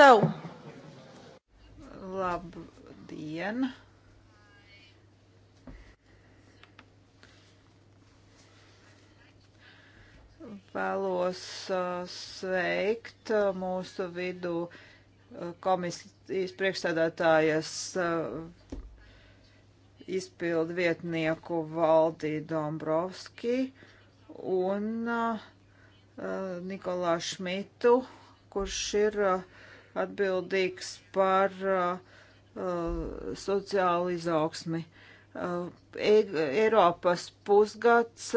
So. Labdien! Vēlos uh, sveikt uh, mūsu vidū uh, komisijas priekšstādātājas izpildu vietnieku Valdī Dombrovski un Nikolā Šmitu, kurš ir uh, atbildīgs par uh, uh, sociālu izaugsmi. Uh, e, Eiropas pusgads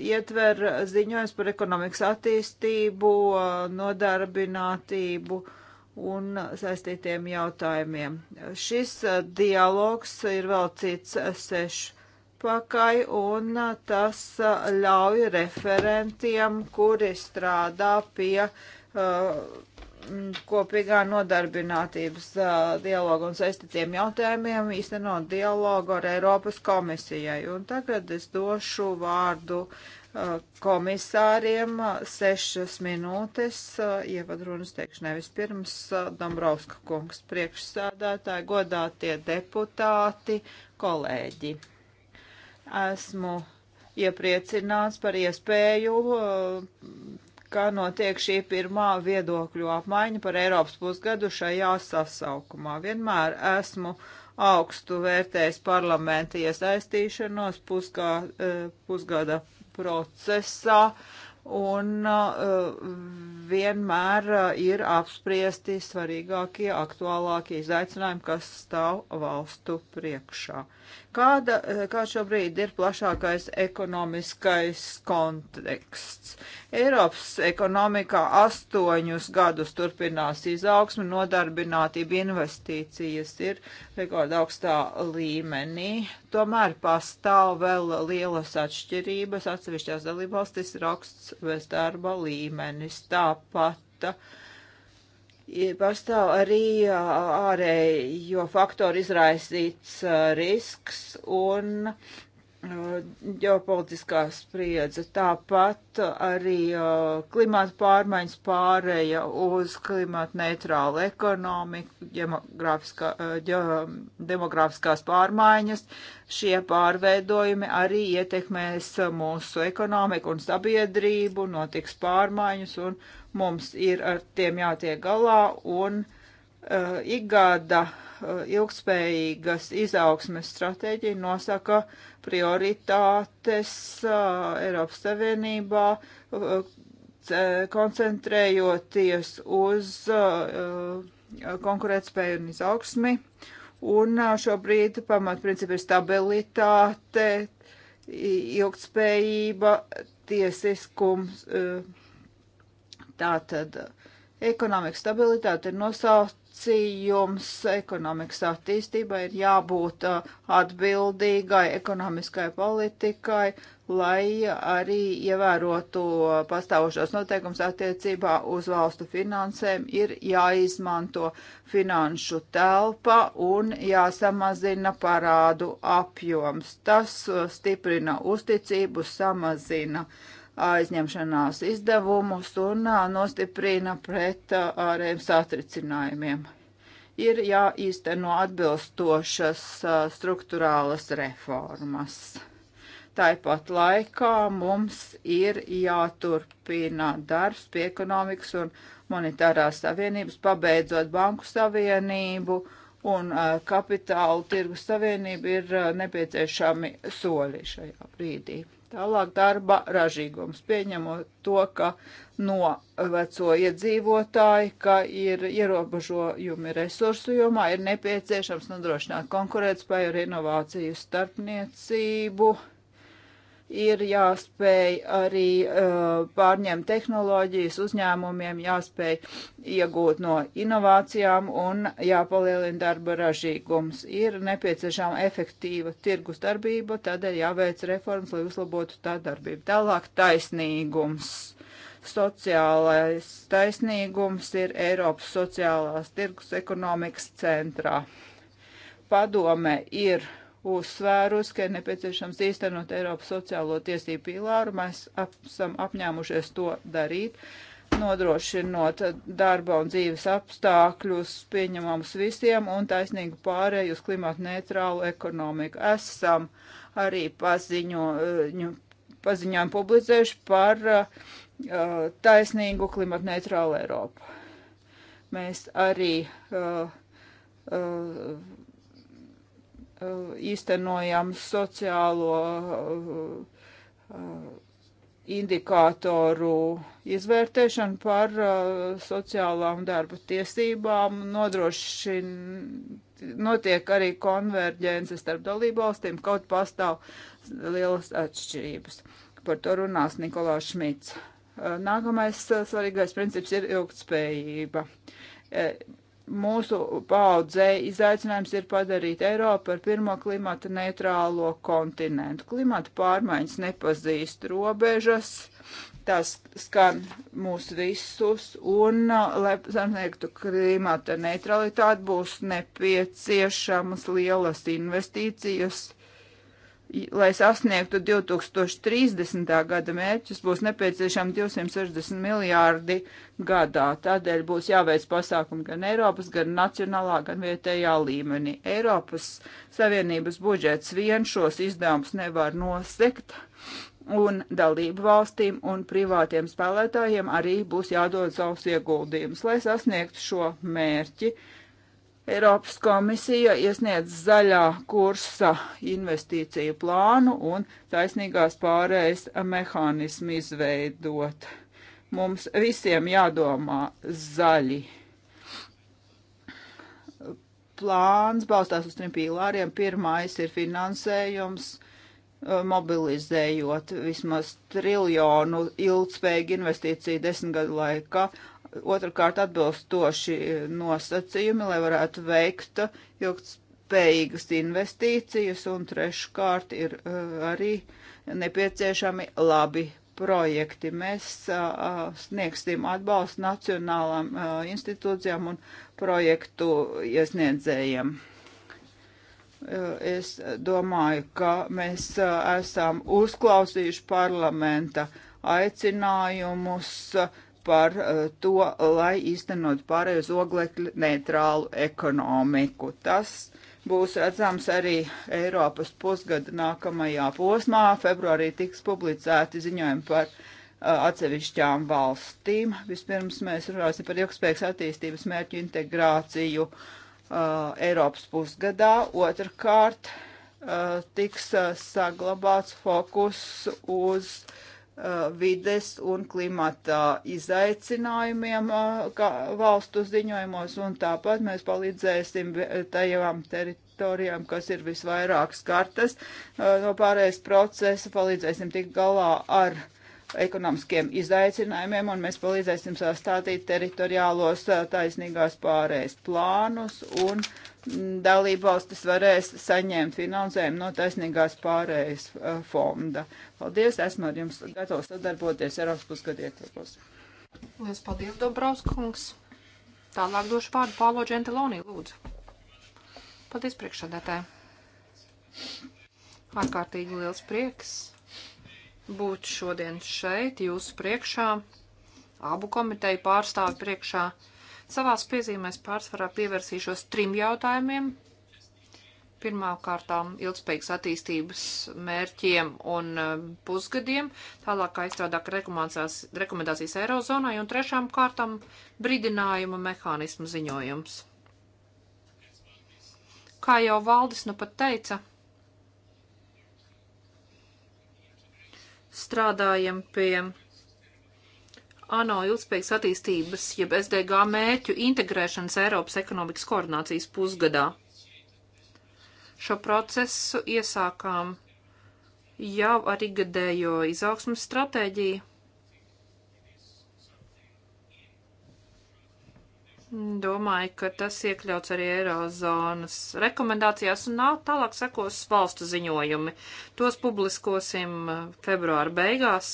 ietver ziņojums par ekonomikas attīstību, nodarbinātību un saistītiem jautājumiem. Šis dialogs ir veltīts sešu pakaļ, un tas ļauj referentiem, kuri strādā pie uh, Mm, kopīgā nodarbinātības uh, dialogu un saistītiem jautājumiem, īstenot dialogu ar Eiropas komisijai. Un tagad es došu vārdu uh, komisāriem sešas minūtes uh, ievadrunas teikšanai. Vispirms Dombrovska kungs priekšsādātāji, godātie deputāti, kolēģi. Esmu iepriecināts par iespēju ka notiek šī pirmā viedokļu apmaiņa par Eiropas pusgadu šajā sasaukumā. Vienmēr esmu augstu vērtējis parlamenta iesaistīšanos pusgā, eh, pusgada procesā un eh, vienmēr eh, ir apspriesti svarīgākie, aktuālākie izaicinājumi, kas stāv valstu priekšā. Kāda, eh, kā šobrīd ir plašākais ekonomiskais konteksts? Eiropas ekonomikā astoņus gadus turpinās izaugsme, nodarbinātība, investīcijas ir rekorda augstā līmenī. Tomēr pastāv vēl lielas atšķirības. Atsevišķās dalībvalstis ir augsts bezdarba līmenis. Tāpat. Uh, pastāv arī ārējo faktoru izraisīts risks un Uh, ģeopolitiskā spriedze, tāpat arī uh, klimata pārmaiņas pāreja uz klimata neitrālu ekonomiku, uh, demografiskās pārmaiņas. Šie pārveidojumi arī ietekmēs mūsu ekonomiku un sabiedrību, notiks pārmaiņas un mums ir ar tiem jātiek galā un uh, Eh, Igada eh, ilgspējīgas izaugsmes stratēģija nosaka prioritātes eh, Eiropas Savienībā, koncentrējoties uz konkurētspēju un izaugsmi. Un šobrīd pamatprincipi ir stabilitāte, ilgtspējība, tiesiskums. Tātad ekonomika stabilitāte ir nosaukt nosacījums ekonomikas attīstībai ir jābūt uh, atbildīgai ekonomiskai politikai, lai arī ievērotu pastāvošos noteikums attiecībā uz valstu finansēm, ir jāizmanto finanšu telpa un jāsamazina parādu apjoms. Tas uh, stiprina uzticību, samazina uh, aizņemšanās izdevumus un nostiprina pret ārējiem satricinājumiem. Ir jāīsteno atbilstošas struktūrālas reformas. Tāpat laikā mums ir jāturpina darbs pie ekonomikas un monetārās savienības, pabeidzot banku savienību un kapitālu tirgus savienību ir nepieciešami soļi šajā brīdī. Tālāk darba ražīgums. Pieņemot to, ka no veco iedzīvotāji, ka ir ierobežojumi resursu jomā, ir nepieciešams nodrošināt konkurētspēju ar inovāciju starpniecību. Uh, ir jāspēj arī uh, pārņemt tehnoloģijas uzņēmumiem, jāspēj iegūt no inovācijām un jāpalielina darba ražīgums. Ir nepieciešama efektīva tirgus darbība, tādēļ jāveic reformas, lai uzlabotu tā darbību. Tālāk taisnīgums. Sociālais taisnīgums ir Eiropas sociālās tirgus ekonomikas centrā. Padome ir uzsvērus, ka ir nepieciešams īstenot Eiropas sociālo tiesību pīlāru. Mēs ap, esam apņēmušies to darīt, nodrošinot darba un dzīves apstākļus pieņemamus visiem un taisnīgu pārēju uz klimatu neitrālu ekonomiku. Esam arī paziņo, paziņojumu publicējuši par uh, taisnīgu klimatu neitrālu Eiropu. Mēs arī uh, uh, Eh, īstenojam sociālo eh, eh, indikātoru izvērtēšanu par sociālām darba tiesībām, nodrošin, notiek arī konverģences starp dalībvalstīm, kaut pastāv lielas atšķirības. Par to runās Nikolās Šmits. Nākamais svarīgais princips ir ilgtspējība mūsu paudzei izaicinājums ir padarīt Eiropu par pirmo klimata neitrālo kontinentu. Klimata pārmaiņas nepazīst robežas, tas skan mūs visus, un, uh, lai sasniegtu klimata neutralitāti, būs nepieciešamas lielas investīcijas lai sasniegtu 2030. gada mērķus, būs nepieciešami 260 miljārdi gadā. Tādēļ būs jāveic pasākumi gan Eiropas, gan nacionālā, gan vietējā līmenī. Eiropas Savienības budžets vien šos izdevumus nevar nosekt, un dalību valstīm un privātiem spēlētājiem arī būs jādod savus ieguldījumus, lai sasniegtu šo mērķi. Uh, Eiropas komisija iesniedz zaļā kursa investīciju plānu un taisnīgās pārējas mehānismu izveidot. Mums visiem jādomā zaļi. Plāns balstās uz trim pīlāriem. Pirmais ir finansējums, eh, mobilizējot vismaz triljonu ilgspējīgu investīciju desmit gadu laikā, otrkārt atbilstoši e, nosacījumi, lai varētu veikt ilgtspējīgas investīcijas, un treškārt ir e, arī nepieciešami labi projekti. Mēs uh, sniegsim atbalstu nacionālām uh, institūcijām un projektu iesniedzējiem. Uh, es domāju, ka mēs esam uzklausījuši parlamenta aicinājumus par eh, to, lai īstenot pārēju uz oglekļu neitrālu ekonomiku. Tas būs redzams arī Eiropas pusgada nākamajā posmā. Februārī tiks publicēti ziņojumi par uh, atsevišķām valstīm. Vispirms mēs runāsim par ilgspējīgas attīstības mērķu integrāciju uh, Eiropas pusgadā. Otrkārt uh, tiks saglabāts fokus uz uh, Uh, vides un klimata izaicinājumiem uh, valstu ziņojumos, un tāpat mēs palīdzēsim tajām teritorijām, kas ir visvairāk skartas uh, no pārējais procesa, palīdzēsim tikt galā ar ekonomiskiem izaicinājumiem, un mēs palīdzēsim sastādīt teritoriālos taisnīgās pārējais plānus un uh, dalībvalstis varēs saņemt finansējumu no taisnīgās pārējas uh, fonda. Paldies, esmu ar jums gatavs sadarboties Eiropas pusgadu ietvaros. Lielas paldies, Dobrauskungs. Tālāk došu vārdu Pālo Džentilonī, lūdzu. Paldies priekšsādētāji. Ārkārtīgi liels prieks būt šodien šeit, jūsu priekšā, abu komiteju pārstāvi priekšā. Savās piezīmēs pārsvarā pievērsīšos trim jautājumiem. Pirmkārtām ilgspējīgas attīstības mērķiem un um, pusgadiem, tālāk kā izstrādāk rekomendācijas, rekomendācijas Eirozonai un trešām kārtām brīdinājuma mehānismu ziņojums. Kā jau valdis nu pat teica, strādājam pie ANO ilgspējas attīstības, jeb SDG mēķu integrēšanas Eiropas ekonomikas koordinācijas pusgadā. Šo procesu iesākām jau ar igadējo izaugsmas stratēģiju. Domāju, ka tas iekļauts arī Eirozonas rekomendācijās un nav tālāk sekos valstu ziņojumi. Tos publiskosim eh, februāra beigās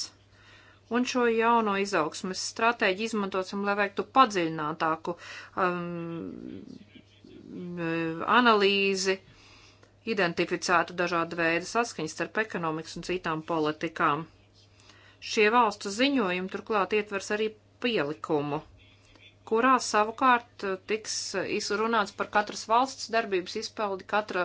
un šo jauno izaugsmes stratēģiju izmantosim, lai veiktu padziļinātāku um, analīzi, identificētu dažādu veidu saskaņas starp ekonomikas un citām politikām. Šie valstu ziņojumi turklāt ietvers arī pielikumu kurā savukārt eh, tiks eh, izrunāts par katras valsts darbības izpildi katra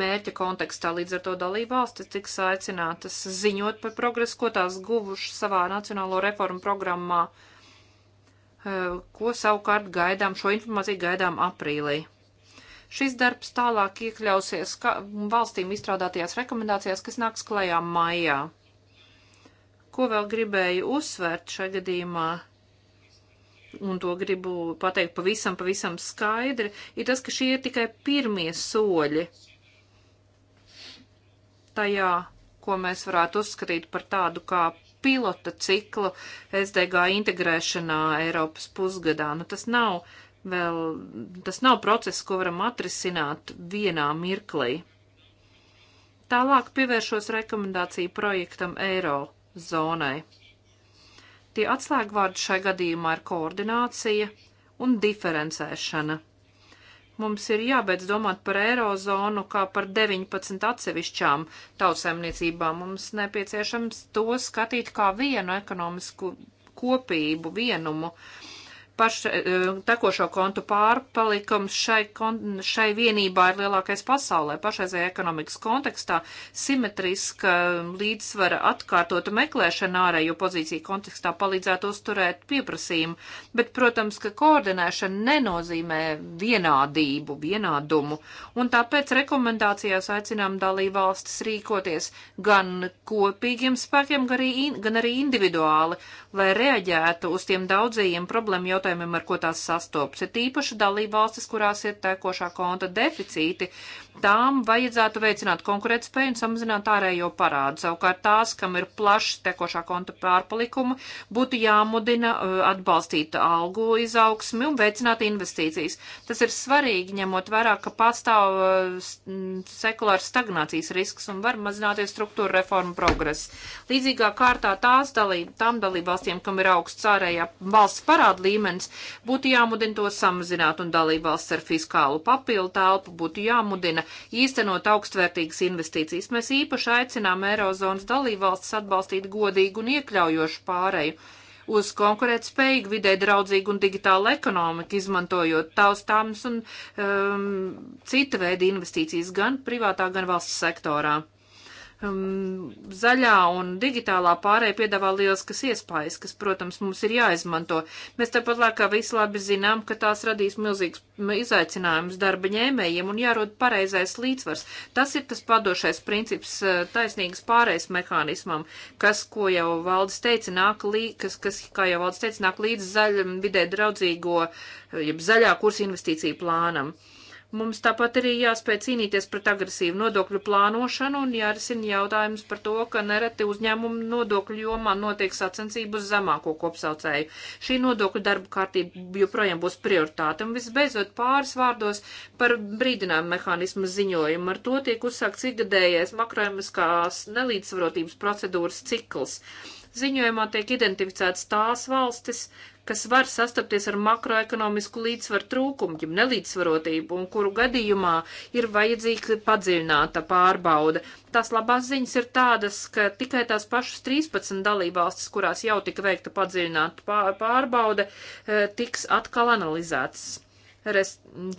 mērķa kontekstā. Līdz ar to dalība valstis tiks aicinātas ziņot par progresu, ko tās guvušas savā nacionālo reformu programmā, eh, ko savukārt gaidām, šo informāciju gaidām aprīlī. Šis darbs tālāk iekļausies valstīm izstrādātajās rekomendācijās, kas nāks klajā maijā. Ko vēl gribēju uzsvērt šajā gadījumā? un to gribu pateikt pavisam, pavisam skaidri, ir tas, ka šie ir tikai pirmie soļi tajā, ko mēs varētu uzskatīt par tādu kā pilota ciklu SDG integrēšanā Eiropas pusgadā. Nu, tas nav vēl, tas nav process, ko varam atrisināt vienā mirklī. Tālāk pievēršos rekomendāciju projektam Eiro zonai. Tie atslēgvārdi šai gadījumā ir koordinācija un diferencēšana. Mums ir jābeidz domāt par eirozonu kā par 19 atsevišķām tautsēmniecībām. Mums nepieciešams to skatīt kā vienu ekonomisku kopību, vienumu. Uh, paš, eh, tekošo kontu pārpalikums šai, kon, šai vienībā ir lielākais pasaulē. Pašreizajā ekonomikas kontekstā simetriska līdzsvara atkārtota meklēšana ārējo pozīciju kontekstā palīdzētu uzturēt pieprasījumu, bet, protams, ka koordinēšana nenozīmē vienādību, vienādumu, un tāpēc rekomendācijās aicinām dalībvalstis rīkoties gan kopīgiem spēkiem, gan arī, gan arī individuāli, lai reaģētu uz tiem daudzajiem problēmu jautājumiem, jautājumiem, ar ko tās sastopas. Ir tīpaši dalība valstis, kurās ir tekošā konta deficīti, tām vajadzētu veicināt konkurētspēju un samazināt ārējo parādu. Savukārt tās, kam ir plašs tekošā konta pārpalikuma, būtu jāmudina uh, atbalstīt algu izaugsmi un veicināt investīcijas. Tas ir svarīgi, ņemot vērā, ka pastāv uh, sekulārs stagnācijas risks un var mazināties struktūra reforma progress. Līdzīgā kārtā tās dalība, tām dalībvalstīm, kam ir augsts ārējā valsts parāda līmenis, būtu jāmudina to samazināt un dalībvalsts ar fiskālu papildu telpu būtu jāmudina īstenot augstvērtīgas investīcijas. Mēs īpaši aicinām Eirozonas dalībvalstis atbalstīt godīgu un iekļaujošu pāreju uz konkurētspējīgu, vidē draudzīgu un digitālu ekonomiku, izmantojot taustāms un um, cita veida investīcijas gan privātā, gan valsts sektorā um, zaļā un digitālā pārēja piedāvā lieliskas iespējas, kas, protams, mums ir jāizmanto. Mēs tāpat laikā visi labi zinām, ka tās radīs milzīgs izaicinājums darba ņēmējiem un jārod pareizais līdzsvars. Tas ir tas padošais princips uh, taisnīgas pārējas mehānismam, kas, ko jau valdes teica, nāk līdz, kas, kas, kā jau valdes teica, nāk līdz zaļam vidē draudzīgo, jeb zaļā kursa investīciju plānam. Uh, Mums tāpat arī jāspēj cīnīties pret agresīvu nodokļu plānošanu un jārisina jautājums par to, ka nereti uzņēmumu nodokļu jomā notiek sacensību uz zemāko kopsaucēju. Šī nodokļu darba kārtība joprojām būs prioritāte. Un visbeidzot pāris vārdos par brīdinājumu mehānismu ziņojumu. Ar to tiek uzsākts ikgadējais makroemiskās nelīdzsvarotības procedūras cikls. Ziņojumā tiek identificētas tās valstis, kas var sastapties ar makroekonomisku līdzsvaru trūkumu, jeb nelīdzsvarotību, un kuru gadījumā ir vajadzīga padziļināta pārbauda. Tās labās ziņas ir tādas, ka tikai tās pašas 13 dalībvalstis, kurās jau tika veikta padziļināta pārbauda, eh, tiks atkal analizētas. Res,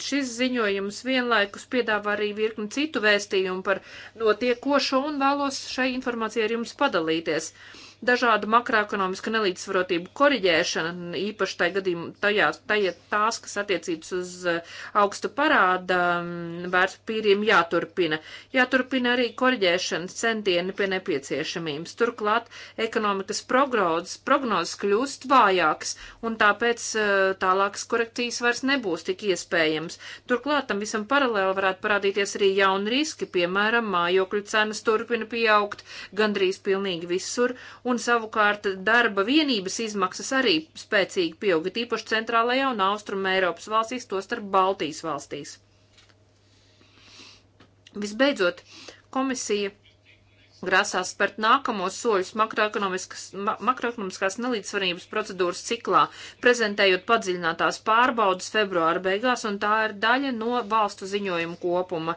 šis ziņojums vienlaikus piedāvā arī virkni citu vēstījumu par notiekošo un vēlos šai informācijai ar jums padalīties. Uh, Dažādu makroekonomisku nelīdzsvarotību koriģēšana, īpaši tajā gadījumā, tajās, tajā tās, kas attiecītas uz eh, augstu parāda mm, vērtspīriem, jāturpina. Jāturpina arī koriģēšanas centieni pie nepieciešamības. Turklāt ekonomikas prognozes, prognozes kļūst vājākas, un tāpēc eh, tālākas korekcijas vairs nebūs tik iespējams. Turklāt tam visam paralēli varētu parādīties arī jauni riski, piemēram, mājokļu cenas turpina pieaugt gandrīz pilnīgi visur, un savukārt darba vienības izmaksas arī spēcīgi pieauga, tīpaši centrālajā un austruma Eiropas valstīs, tostarp Baltijas valstīs. Visbeidzot, komisija grasās spērt nākamos soļus ma makroekonomiskās nelīdzsvarības procedūras ciklā, prezentējot padziļinātās pārbaudas februāra beigās, un tā ir daļa no valstu ziņojuma kopuma.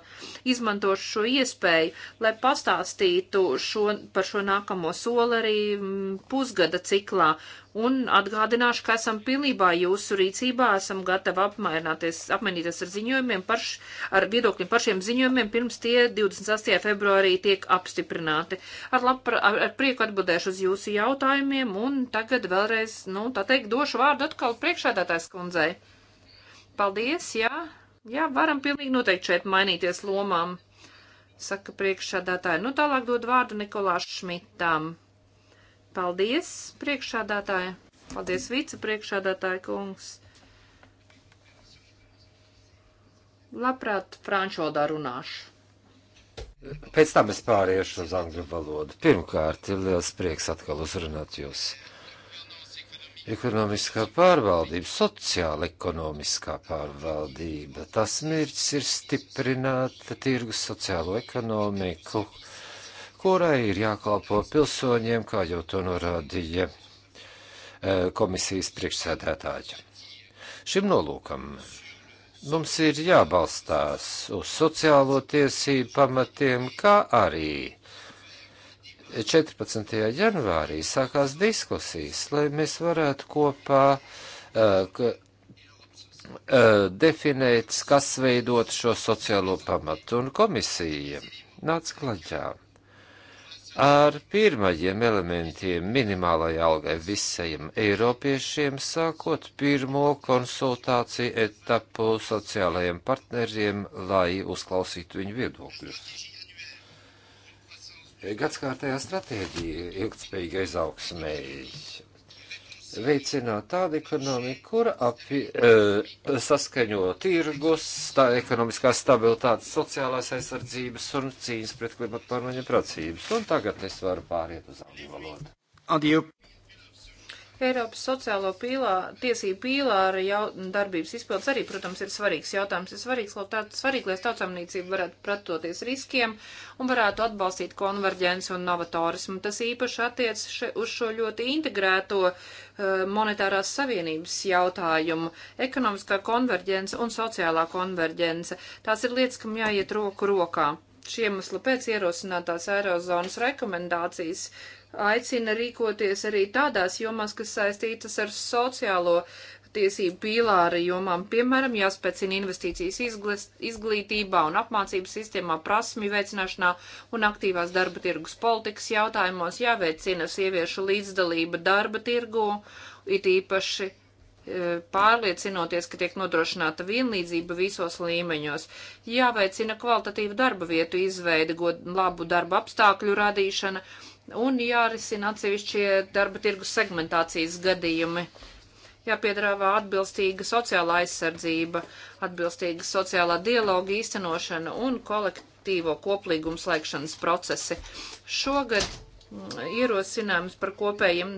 Izmantošu šo iespēju, lai pastāstītu šo, par šo nākamo soli arī mm, pusgada ciklā, Un atgādināšu, ka esam pilnībā jūsu rīcībā, esam gatavi apmaināties, apmainīties ar ziņojumiem, par, š, ar viedokļiem par šiem ziņojumiem, pirms tie 28. februārī tiek apstiprināti. Ar, labpra, ar, ar prieku atbildēšu uz jūsu jautājumiem, un tagad vēlreiz, nu, tā teikt, došu vārdu atkal priekšādātājs kundzei. Paldies, jā, jā, varam pilnīgi noteikti šeit mainīties lomām, saka priekšādātāji. Nu, tālāk dod vārdu Nikolās Šmitam. Paldies, priekšādātāja. Paldies, vicepriekšādātāja kungs. Labprāt, frančodā runāšu. Pēc tam es pāriešu uz angļu valodu. Pirmkārt, ir liels prieks atkal uzrunāt jūs. Ekonomiskā pārvaldība, sociāla ekonomiskā pārvaldība, tas mērķis ir stiprināt tirgus sociālo ekonomiku. Uh, kurai ir jākalpo pilsoņiem, kā jau to norādīja eh, komisijas priekšsēdētāja. Šim nolūkam mums ir jābalstās uz sociālo tiesību pamatiem, kā arī 14. janvārī sākās diskusijas, lai mēs varētu kopā uh, uh, definēt, kas veidot šo sociālo pamatu, un komisija nāca klaļķā Ar pirmajiem elementiem minimālai algai visiem eiropiešiem sākot pirmo konsultāciju etapu sociālajiem partneriem, lai uzklausītu viņu viedokļus. Gadskārtējā stratēģija ilgtspējīga izaugsmēji veicināt tādu ekonomiku, kura api, e, saskaņo tirgus, tā ekonomiskā stabilitātes, sociālās aizsardzības un cīņas pret klimatu pārmaiņu pracības. Un tagad es varu pāriet uz angļu valodu. Adieu. Eiropas sociālo pīlā, tiesību pīlāra jau, darbības izpildes arī, protams, ir svarīgs jautājums. Ir svarīgs, lai tāds svarīgi, lai tautsamniecība varētu pratoties riskiem un varētu atbalstīt konverģenci un novatorismu. Tas īpaši attiec še, uz šo ļoti integrēto uh, monetārās savienības jautājumu - ekonomiskā konverģence un sociālā konverģence. Tās ir lietas, kam jāiet roku rokā šiem uzlapēc ierosinātās Eirozonas rekomendācijas aicina rīkoties arī tādās jomās, kas saistītas ar sociālo tiesību pīlāra jomām, piemēram, jāspēcina investīcijas izglītībā un apmācības sistēmā, prasmi veicināšanā un aktīvās darba tirgus politikas jautājumos, jāveicina sieviešu līdzdalība darba tirgu, it īpaši e, pārliecinoties, ka tiek nodrošināta vienlīdzība visos līmeņos, jāveicina kvalitatīva darba vietu izveide, labu darba apstākļu radīšana un jārisina atsevišķie darba tirgus segmentācijas gadījumi. Jāpiedrāvā atbilstīga sociālā aizsardzība, atbilstīga sociālā dialoga īstenošana un kolektīvo koplīgumu slēgšanas procesi. Šogad mm, ierosinājums par kopējiem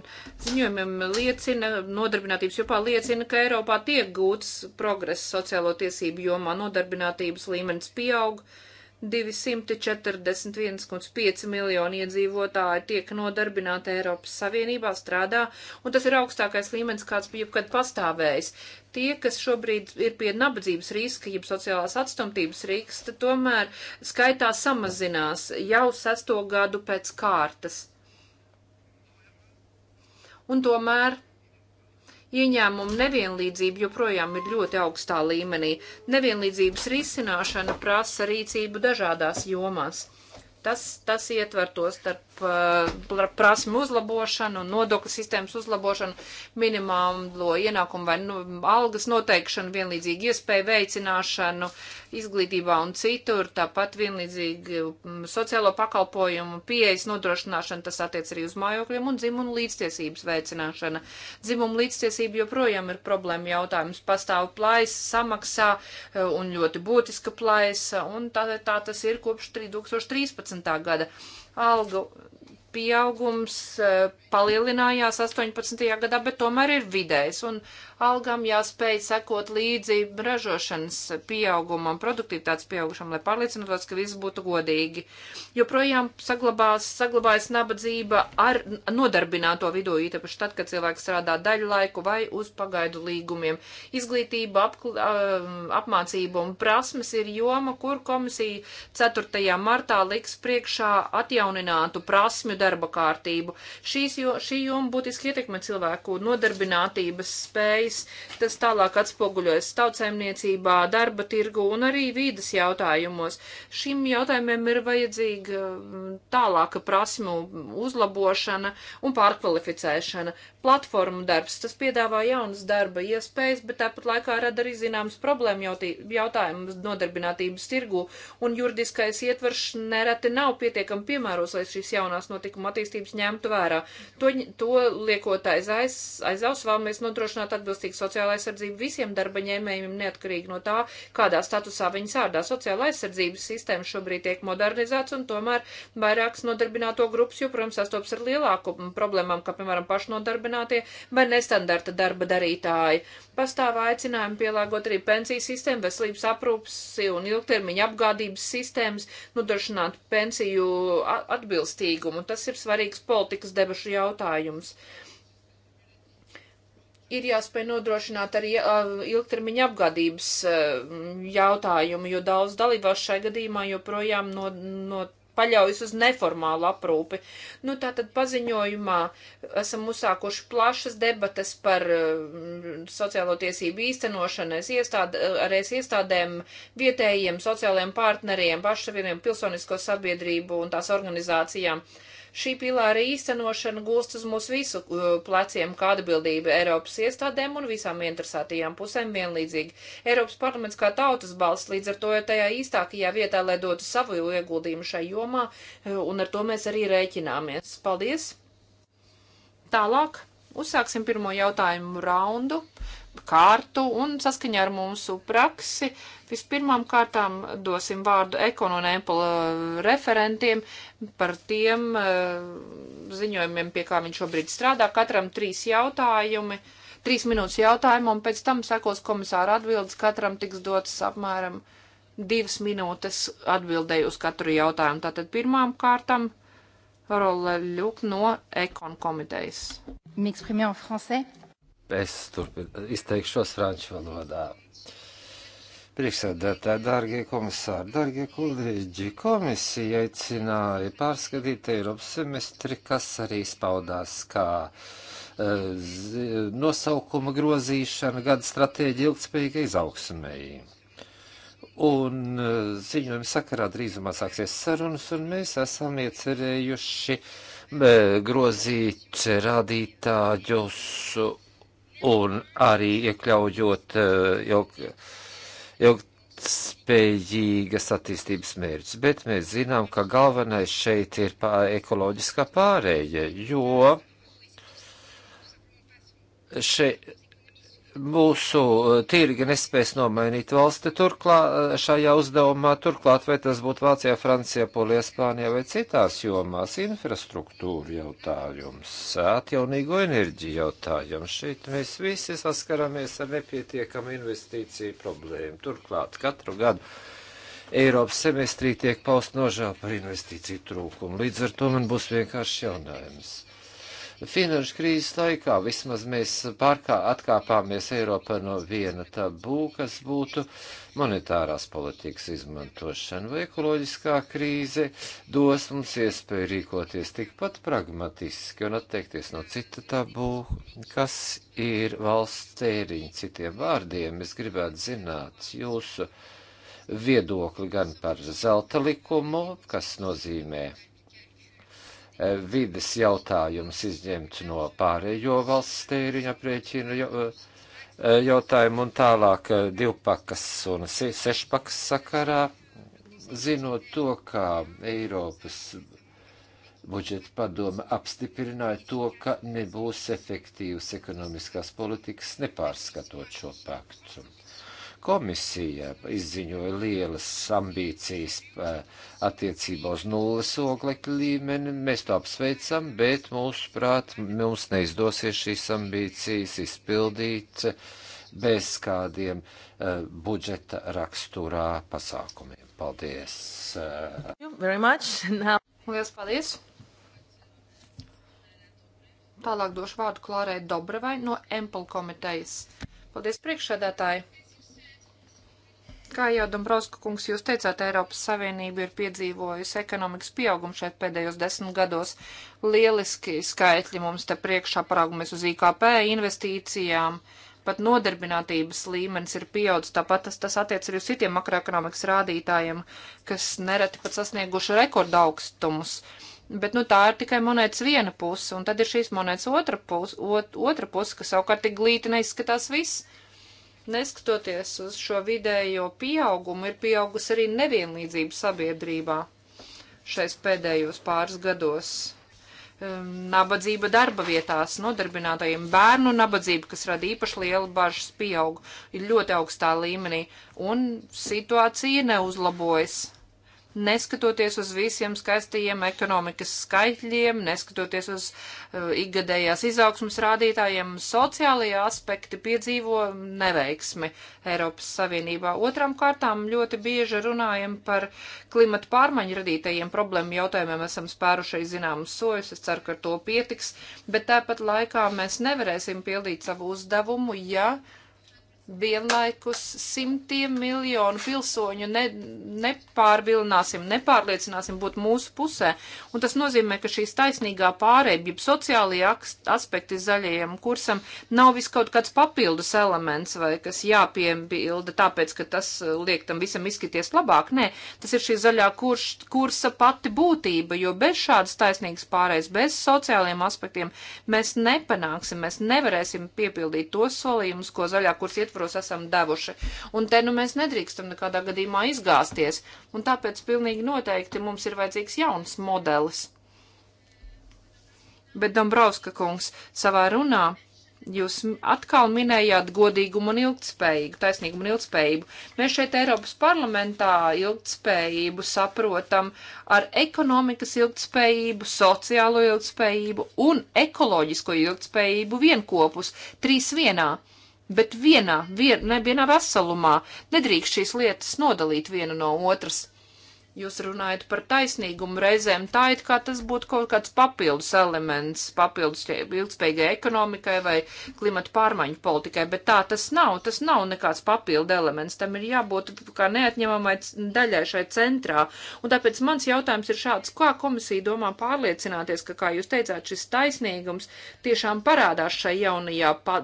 ziņojumiem liecina, nodarbinātības jopā liecina, ka Eiropā tiek gūts progress sociālo tiesību jomā, nodarbinātības līmenis pieaug. Uh, 241,5 miljoni iedzīvotāji tiek nodarbināti Eiropas Savienībā, strādā, un tas ir augstākais līmenis, kāds bija jebkad pastāvējis. Tie, kas šobrīd ir pie nabadzības riska, jeb sociālās atstumtības riska, tomēr skaitā samazinās jau sesto gadu pēc kārtas. Un tomēr Ieņēmumu nevienlīdzība joprojām ir ļoti augstā līmenī. Nevienlīdzības risināšana prasa rīcību dažādās jomās. Tas, tas ietver to starp Uh, prasmu uzlabošanu, nodokļu sistēmas uzlabošanu, minimālo ienākumu vai nu, algas noteikšanu, vienlīdzīgi iespēju veicināšanu izglītībā un citur, tāpat vienlīdzīgi mm, sociālo pakalpojumu pieejas nodrošināšana, tas attiec arī uz mājokļiem un dzimumu līdztiesības veicināšana. Dzimumu līdztiesība joprojām ir problēma jautājums, pastāv plaisa samaksā uh, un ļoti būtiska plaisa, un tā, tā tas ir kopš 2013. gada algu pieaugums eh, palielinājās 18. gadā, bet tomēr ir vidējs. Un algām, jāspēj sekot līdzi ražošanas pieaugumam, produktivitātes pieaugšam, lai pārliecinātos, ka viss būtu godīgi. Jo projām saglabās, saglabājas nabadzība ar nodarbināto vidū, īpaši tad, kad cilvēks strādā daļu laiku vai uz pagaidu līgumiem. Izglītība, um, apmācība un prasmes ir joma, kur komisija 4. martā liks priekšā atjauninātu prasmju darba kārtību. Šīs, jo, šī joma būtiski ietekmē cilvēku nodarbinātības spējas valstīs, tas tālāk atspoguļojas tautsēmniecībā, darba tirgu un arī vīdas jautājumos. Šim jautājumiem ir vajadzīga mm, tālāka prasmu uzlabošana un pārkvalificēšana. Platformu darbs, tas piedāvā jaunas darba iespējas, bet tāpat laikā rada arī zināmas problēmu jautājumus nodarbinātības tirgu, un juridiskais ietvers nereti nav pietiekami piemēros, lai šīs jaunās notikuma attīstības ņemtu vērā. To, to liekot aiz, aiz, aiz ausvām, mēs nodrošinātu atbilstību atbilstīga sociāla aizsardzība visiem darba ņēmējiem, neatkarīgi no tā, kādā statusā viņi sārdā. Sociāla aizsardzības sistēma šobrīd tiek modernizēts, un tomēr vairākas nodarbināto grupas joprojām sastopas ar lielāku problēmām, kā piemēram pašnodarbinātie vai nestandarta darba darītāji. Pastāv aicinājumi pielāgot arī pensiju sistēmu, veselības aprūpas un ilgtermiņa apgādības sistēmas, nodrošināt pensiju atbilstīgumu. Tas ir svarīgs politikas debašu jautājums ir jāspēj nodrošināt arī uh, ilgtermiņa apgādības uh, jautājumu, jo daudz dalībās šai gadījumā joprojām no, no paļaujas uz neformālu aprūpi. Nu, tātad paziņojumā esam uzsākuši plašas debatas par uh, sociālo tiesību īstenošanas iestād, arēs iestādēm, vietējiem sociālajiem partneriem, pašsavieniem, pilsonisko sabiedrību un tās organizācijām. Uh, Šī pilāra īstenošana gulst uz mūsu visu uh, pleciem, kā atbildība Eiropas iestādēm un visām interesētajām pusēm vienlīdzīgi. Eiropas parlaments kā tautas balss līdz ar to ir tajā īstākajā vietā, lai dotu savu ieguldījumu šai jomā, uh, un ar to mēs arī rēķināmies. Paldies! Tālāk uzsāksim pirmo jautājumu raundu kārtu un saskaņā ar mūsu praksi Vispirmām kārtām dosim vārdu ekonu un empola eh, referentiem par tiem eh, ziņojumiem, pie kā viņš šobrīd strādā. Katram trīs jautājumi, trīs minūtes jautājumu, un pēc tam sekos komisāra atbildes. Katram tiks dotas apmēram divas minūtes atbildēju uz katru jautājumu. Tātad pirmām kārtām Rola Ļuk no ekonu komitejas. Es turpinu, izteikšos franču valodā. Priekšsēdētāji, dārgie komisāri, dārgie kolēģi, komisija aicināja pārskatīt Eiropas semestri, kas arī spaudās kā uh, nosaukuma grozīšana gada stratēģija ilgspējīga izaugsmēji. Un eh, ziņojuma sakarā drīzumā sāksies sarunas, un mēs esam iecerējuši eh, grozīt rādītājus un arī iekļaujot jau ilgspējīgas attīstības mērķus, bet mēs zinām, ka galvenais šeit ir pā ekoloģiskā pārēja, jo šeit mūsu eh, tirgi nespēs nomainīt valsti turklā, eh, šajā uzdevumā, turklāt vai tas būtu Vācijā, Francijā, Polijā, Spānijā vai citās jomās, infrastruktūra jautājums, atjaunīgo enerģiju jautājums. Šeit mēs visi saskaramies ar nepietiekamu investīciju problēmu. Turklāt katru gadu Eiropas semestrī tiek paust nožēl par investīciju trūkumu. Līdz ar to man būs vienkārši jaunājums Finanšu krīzes laikā vismaz mēs pārkā atkāpāmies Eiropā no viena tabū, kas būtu monetārās politikas izmantošana vai ekoloģiskā krīze, dos mums iespēju rīkoties tikpat pragmatiski un atteikties no cita tabū, kas ir valsts tēriņi. Citiem vārdiem es gribētu zināt jūsu viedokli gan par zelta likumu, kas nozīmē E, vides jautājums izņemts no pārējo valsts tēriņa aprēķina e, jautājumu un tālāk e, divpakas un sešpakas sakarā, zinot to, kā Eiropas budžeta padoma apstiprināja to, ka nebūs efektīvas ekonomiskās politikas nepārskatot šo paktu. Komisija izziņoja lielas ambīcijas eh, attiecībā uz nulles oglekļa līmeni. Mēs to apsveicam, bet mūsuprāt mums neizdosies šīs ambīcijas izpildīt bez kādiem uh, budžeta raksturā pasākumiem. Paldies! Now... Lielas paldies! Tālāk došu vārdu Klārai Dobrevai no Empel komitejas. Paldies priekšsēdētāji! Kā jau Dombrovska kungs jūs teicāt, Eiropas Savienība ir piedzīvojusi ekonomikas pieaugumu šeit pēdējos desmit gados. Lieliski skaitļi mums te priekšā paraugamies uz IKP investīcijām, pat nodarbinātības līmenis ir pieaudzis, tāpat tas, tas attiec arī uz citiem makroekonomikas rādītājiem, kas nereti pat sasnieguši rekorda augstumus. Bet nu, tā ir tikai monētas viena puse, un tad ir šīs monētas otra puse, ot, otra puse kas savukārt tik glīti neizskatās viss. Neskatoties uz šo vidējo pieaugumu, ir pieaugusi arī nevienlīdzība sabiedrībā šais pēdējos pāris gados. Um, nabadzība darba vietās nodarbinātajiem bērnu nabadzība, kas rada īpaši lielu bažas pieaug, ir ļoti augstā līmenī, un situācija neuzlabojas neskatoties uz visiem skaistajiem ekonomikas skaitļiem, neskatoties uz uh, ikgadējās izaugsmas rādītājiem, sociālajie aspekti piedzīvo neveiksmi Eiropas Savienībā. Otram kārtām ļoti bieži runājam par klimatu pārmaiņu radītajiem problēmu jautājumiem, esam spērušai zināmas sojas, es ceru, ka ar to pietiks, bet tāpat laikā mēs nevarēsim pildīt savu uzdevumu, ja uh, vienlaikus simtiem miljonu pilsoņu ne, nepārvilināsim, nepārliecināsim būt mūsu pusē. Un tas nozīmē, ka šīs taisnīgā pārēja, jeb sociālajie aspekti zaļajam kursam nav viskaut kāds papildus elements vai kas jāpiembilda, tāpēc, ka tas uh, liek tam visam izskaties labāk. Nē, tas ir šī zaļā kurs, kursa pati būtība, jo bez šādas taisnīgas pārējas, bez sociālajiem aspektiem mēs nepanāksim, mēs nevarēsim piepildīt tos solījumus, ko zaļā kursa iet cipros esam devuši. Un te nu mēs nedrīkstam nekādā gadījumā izgāzties. Un tāpēc pilnīgi noteikti mums ir vajadzīgs jauns modelis. Bet Dombrovska kungs savā runā Jūs atkal minējāt godīgumu un ilgtspējību, taisnīgumu un ilgtspējību. Mēs šeit Eiropas parlamentā ilgtspējību saprotam ar ekonomikas ilgtspējību, sociālo ilgtspējību un ekoloģisko ilgtspējību vienkopus, trīs vienā bet vienā, vien, ne, vienā veselumā nedrīkst šīs lietas nodalīt vienu no otras. Jūs runājat par taisnīgumu reizēm, tā it kā tas būtu kaut kāds papildus elements, papildus ilgspējīgai ekonomikai vai klimatu pārmaiņu politikai, bet tā tas nav, tas nav nekāds papildu elements, tam ir jābūt kā neatņemamai daļai šai centrā. Un tāpēc mans jautājums ir šāds, kā komisija domā pārliecināties, ka, kā jūs teicāt, šis taisnīgums tiešām parādās šai jaunajā pa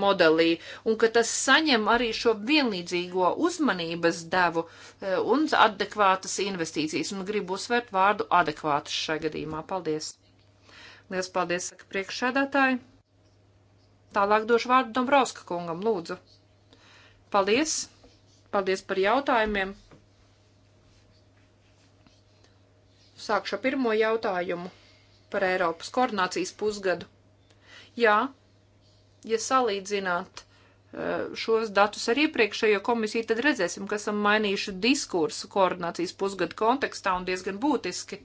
modelī un ka tas saņem arī šo vienlīdzīgo uzmanības devu e, un adekvātas investīcijas. Un gribu uzsvērt vārdu adekvātas šajā gadījumā. Paldies! Lielas paldies, saka priekšsēdētāji. Tālāk došu vārdu Dombrovska kungam, lūdzu. Paldies! Paldies par jautājumiem! Sākšu ar pirmo jautājumu par Eiropas koordinācijas pusgadu. Jā, ja salīdzināt eh, šos datus ar iepriekšējo komisiju, tad redzēsim, ka esam mainījuši diskursu koordinācijas pusgada kontekstā un diezgan būtiski.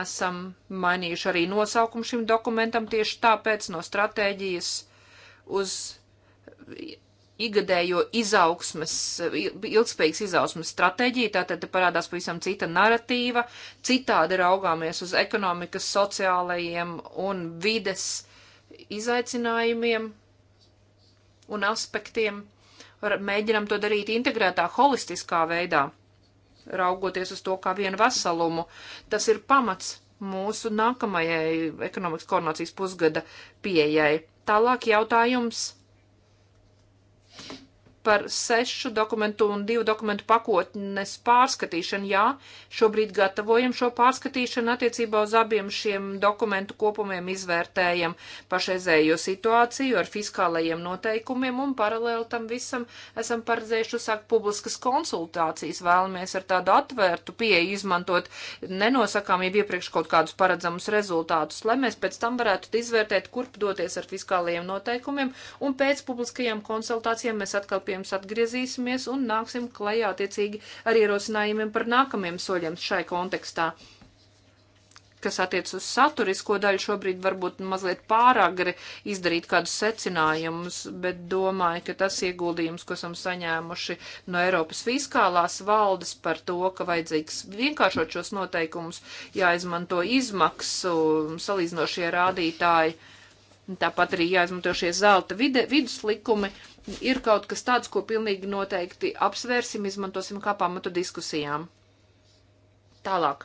Esam mainījuši arī nosaukumu šim dokumentam tieši tāpēc no stratēģijas uz igadējo izaugsmes, ilgspējīgas izaugsmes stratēģija, tātad te parādās pavisam cita narratīva, citādi raugāmies uz ekonomikas, sociālajiem un vides izaicinājumiem un aspektiem. Mēģinam to darīt integrētā, holistiskā veidā, raugoties uz to kā vienu veselumu. Tas ir pamats mūsu nākamajai ekonomikas koordinācijas pusgada pieejai. Tālāk jautājums par sešu dokumentu un divu dokumentu pakotnes pārskatīšanu. Jā, šobrīd gatavojam šo pārskatīšanu attiecībā uz abiem šiem dokumentu kopumiem, izvērtējam pašreizējo situāciju ar fiskālajiem noteikumiem un paralēli tam visam esam paredzējuši uzsākt publiskas konsultācijas. Vēlamies ar tādu atvērtu pieeju izmantot nenosakām jau iepriekš kaut kādus paredzamus rezultātus, lai mēs pēc tam varētu izvērtēt, kurp doties ar fiskālajiem noteikumiem un pēc publiskajām konsultācijām mēs atkal pie jums atgriezīsimies un nāksim klajā attiecīgi ar ierosinājumiem par nākamajiem soļiem šai kontekstā. Kas attiec uz saturisko daļu, šobrīd varbūt mazliet pāragri izdarīt kādus secinājumus, bet domāju, ka tas ieguldījums, ko esam saņēmuši no Eiropas fiskālās valdes par to, ka vajadzīgs vienkāršot šos noteikumus, jāizmanto izmaksu salīdzinošie rādītāji. Tāpat arī jāizmanto šie zelta vide, viduslikumi, ir kaut kas tāds, ko pilnīgi noteikti apsvērsim, izmantosim kā pamatu diskusijām. Tālāk.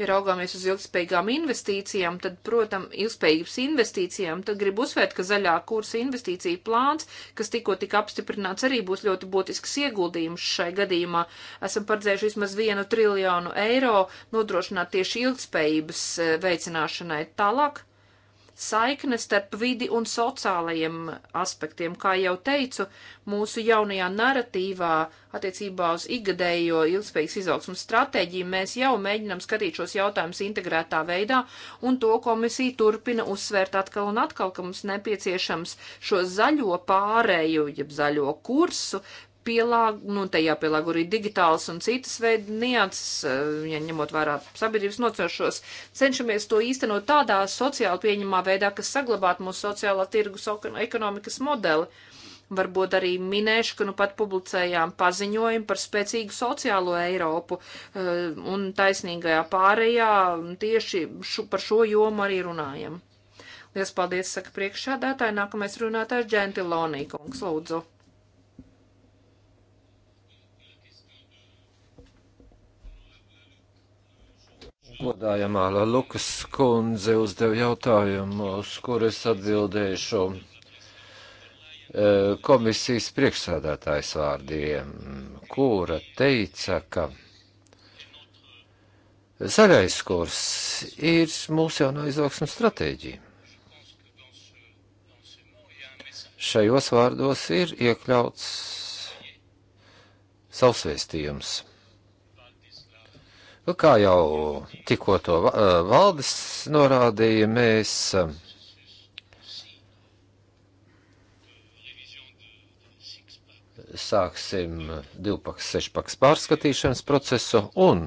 Ja raugāmies uz ilgspējīgām investīcijām, tad, protams, ilgspējīgas investīcijām, tad gribu uzsvērt, ka zaļā kursa investīcija plāns, kas tikko tika apstiprināts, arī būs ļoti būtisks ieguldījums šai gadījumā. Esam paredzējuši vismaz vienu triljonu eiro nodrošināt tieši ilgspējības eh, veicināšanai. Tālāk saikne starp vidi un sociālajiem aspektiem. Kā jau teicu, mūsu jaunajā narratīvā attiecībā uz ikgadējo ilgspējīgas izaugsmas stratēģiju mēs jau mēģinam skatīt šos jautājumus integrētā veidā, un to komisija turpina uzsvērt atkal un atkal, ka mums nepieciešams šo zaļo pārēju, jeb zaļo kursu pielāg, nu, te jāpielāgo arī digitāls un citas veidi nianses, eh, ja ņemot vērā sabiedrības noceršos, cenšamies to īstenot tādā sociāli pieņemā veidā, kas saglabātu mūsu sociālā tirgus ekonomikas modeli. Varbūt arī minēšu, ka nu pat publicējām paziņojumu par spēcīgu sociālo Eiropu eh, un taisnīgajā pārējā tieši šu, par šo jomu arī runājam. Liels paldies, saka priekšādātāji. Nākamais runātājs Džentilonī, kungs, lūdzu. Godājamā Lukas kundze uzdev jautājumu, uz kuru es atbildēšu e, komisijas priekšsādātājs vārdiem, kura teica, ka zaļais kurs ir mūsu jaunā izaugsmas stratēģija. Šajos vārdos ir iekļauts savs vēstījums. Nu, kā jau tikko to valdes norādīja, mēs sāksim divpaks, sešpaks pārskatīšanas procesu un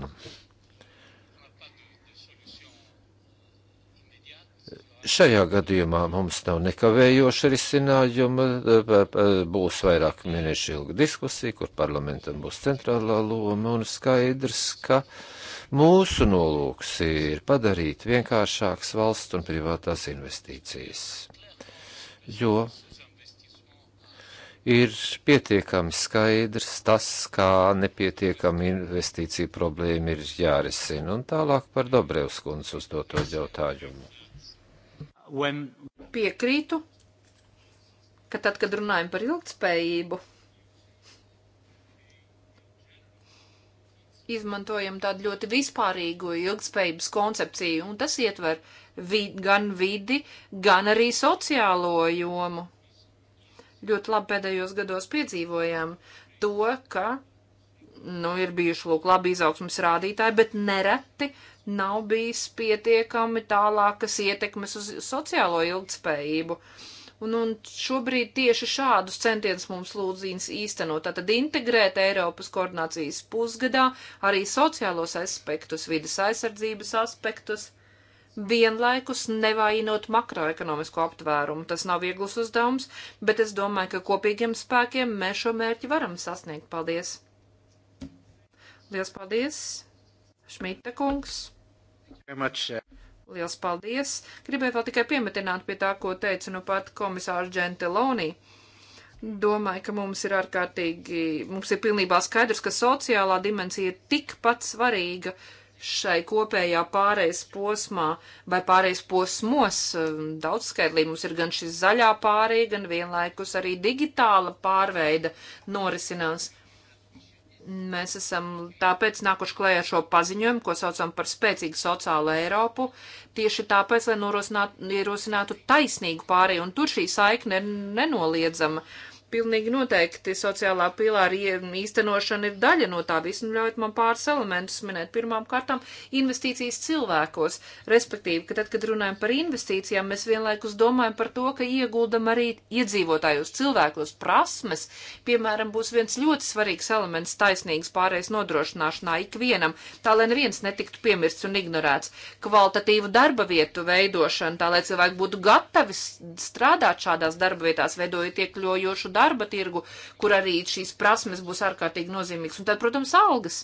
Šajā gadījumā mums nav nekavējoša risinājuma, būs vairāk mēnešu ilga diskusija, kur parlamentam būs centrālā loma un skaidrs, ka uh, Mūsu nolūks ir padarīt vienkāršākas valsts un privātās investīcijas, jo ir pietiekami skaidrs tas, kā nepietiekami investīcija problēma ir jārisina. Un tālāk par Dobrevs kundzes uzdoto jautājumu. When... Piekrītu, ka tad, kad runājam par ilgtspējību izmantojam tādu ļoti vispārīgu ilgspējības koncepciju, un tas ietver vid, gan vidi, gan arī sociālo jomu. Ļoti labi pēdējos gados piedzīvojām to, ka nu, ir bijuši lūk, labi izaugsmas rādītāji, bet nereti nav bijis pietiekami tālākas ietekmes uz sociālo ilgspējību. Uh, un, un šobrīd tieši šādus centienus mums lūdzīns īstenot. Tātad integrēt Eiropas koordinācijas pusgadā arī sociālos aspektus, vidas aizsardzības aspektus, vienlaikus nevainot makroekonomisko aptvērumu. Tas nav viegls uzdevums, bet es domāju, ka kopīgiem spēkiem mēs šo mērķi varam sasniegt. Paldies! Lielas paldies, Šmita kungs! Much, uh... Liels paldies! Gribēju vēl tikai piemetināt pie tā, ko teica nu pat komisārs Džentelonī domāju, ka mums ir ārkārtīgi, mums ir pilnībā skaidrs, ka sociālā dimensija ir tikpat svarīga šai kopējā pārejas posmā vai pārejas posmos. Ehm, daudz skaidrī mums ir gan šis zaļā pārēja, gan vienlaikus arī digitāla pārveida norisinās. Mēs esam tāpēc nākuši klajā ar šo paziņojumu, ko saucam par spēcīgu sociālu Eiropu, tieši tāpēc, lai norosinātu, ierosinātu taisnīgu pārēju, un tur šī saikne ir nenoliedzama. Uh, pilnīgi noteikti sociālā pilāra īstenošana ir daļa no tā visu. Nu, ļaujiet man pāris elementus minēt. Pirmām kārtām investīcijas cilvēkos, respektīvi, ka tad, kad runājam par investīcijām, mēs vienlaikus domājam par to, ka ieguldam arī iedzīvotājos cilvēkos prasmes. Piemēram, būs viens ļoti svarīgs elements taisnīgas pārējas nodrošināšanā ikvienam, tā lai neviens netiktu piemirsts un ignorēts. Kvalitatīvu darba vietu veidošana, tā lai cilvēki būtu gatavi strādāt šādās darba vietās, veidojot iekļojošu darbu darba tirgu, kur arī šīs prasmes būs ārkārtīgi nozīmīgas. Un tad, protams, algas.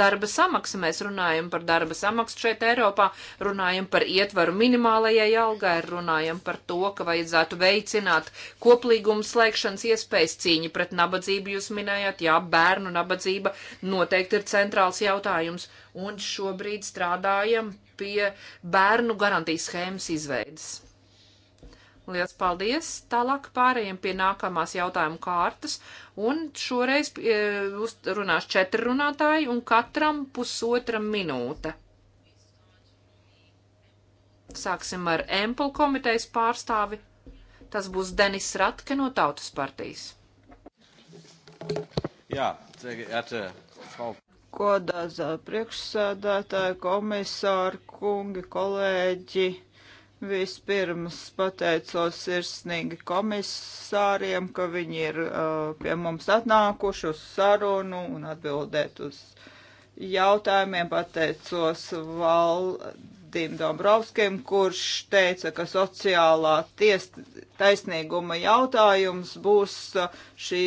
Darba samaksa, mēs runājam par darba samaksu šeit Eiropā, runājam par ietvaru minimālajai algai, runājam par to, ka vajadzētu veicināt koplīgumu slēgšanas iespējas cīņa pret nabadzību, jūs minējāt, jā, bērnu nabadzība noteikti ir centrāls jautājums, un šobrīd strādājam pie bērnu garantijas schēmas izveidas. Liels paldies! Tālāk pārējiem pie nākamās jautājumu kārtas, un šoreiz e, runās četri runātāji, un katram pusotra minūte. Sāksim ar Empul komitejas pārstāvi. Tas būs Denis Ratke no Tautas partijas. Jā, ceļā, Frau. Kodās priekšsēdētāji, komisāri, kungi, kolēģi Vispirms pateicos sirsnīgi komisāriem, ka viņi ir uh, pie mums atnākuši uz sarunu un atbildēt uz jautājumiem. Pateicos valdībai Valdim Dombrovskim, kurš teica, ka sociālā ties, taisnīguma jautājums būs uh, šī,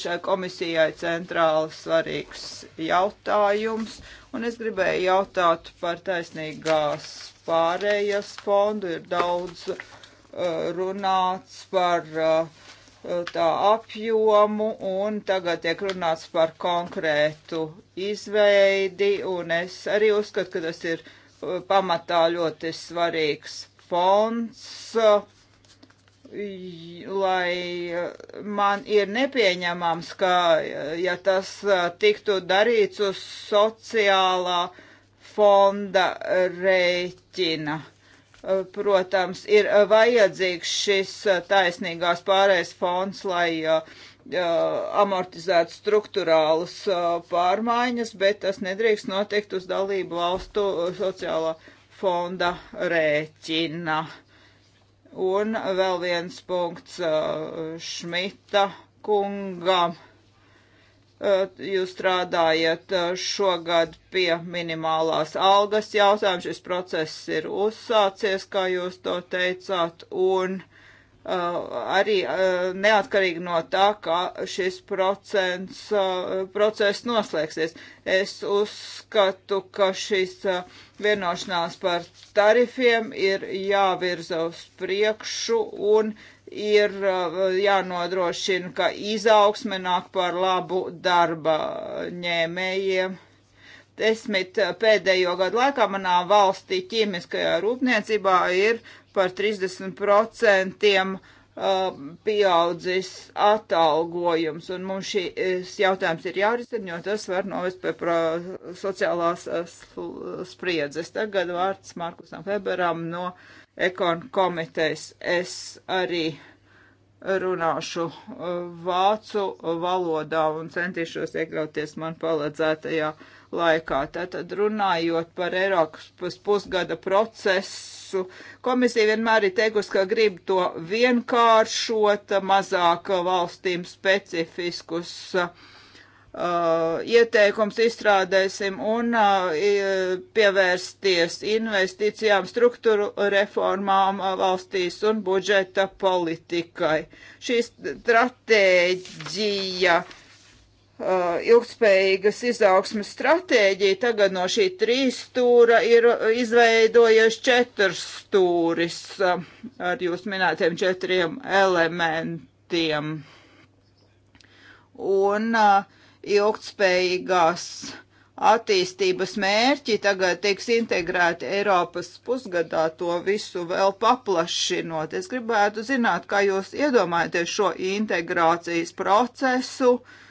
šai komisijai centrāli svarīgs jautājums. Un es gribēju jautāt par taisnīgās pārējas fondu. Ir daudz uh, runāts par uh, tā apjomu, un tagad tiek runāts par konkrētu izveidi, un es arī uzskatu, ka tas ir pamatā ļoti svarīgs fonds, lai man ir nepieņemams, ka ja tas tiktu darīts uz sociālā fonda rēķina. Protams, ir vajadzīgs šis taisnīgās pārējais fonds, lai amortizēt struktūrālas pārmaiņas, bet tas nedrīkst notikt uz dalību valstu sociālā fonda rēķina. Un vēl viens punkts Šmita kungam. Jūs strādājat šogad pie minimālās algas jautājuma. Šis process ir uzsācies, kā jūs to teicāt, un uh, Uh, arī uh, neatkarīgi no tā, kā šis procents, uh, process noslēgsies. Es uzskatu, ka šis vienošanās par tarifiem ir jāvirza uz priekšu un ir jānodrošina, ka izaugsme nāk par labu darba ņēmējiem desmit eh, pēdējo gadu laikā manā valstī ķīmiskajā rūpniecībā ir par 30% eh, pieaudzis atalgojums, un mums šis eh, jautājums ir jārisina, jo tas var novest pie sociālās spriedzes. Tagad vārds Markusam Feberam no Ekon komitejas. Es arī runāšu vācu valodā un centīšos iekļauties man paledzētajā. Ja laikā. Tātad runājot par Eiropas pusgada procesu, komisija vienmēr ir teikusi, ka grib to vienkāršot, mazāk valstīm specifiskus uh, Uh, ieteikums izstrādēsim un uh, pievērsties investīcijām, struktūru reformām uh, valstīs un budžeta politikai. Šī stratēģija Uh, ilgspējīgas izaugsmas stratēģija tagad no šī trīs stūra ir izveidojies četrs stūris uh, ar jūs minētiem četriem elementiem. Un uh, ilgspējīgās attīstības mērķi tagad tiks integrēti Eiropas pusgadā, to visu vēl paplašinot. Es gribētu zināt, kā jūs iedomājaties šo integrācijas procesu, uh,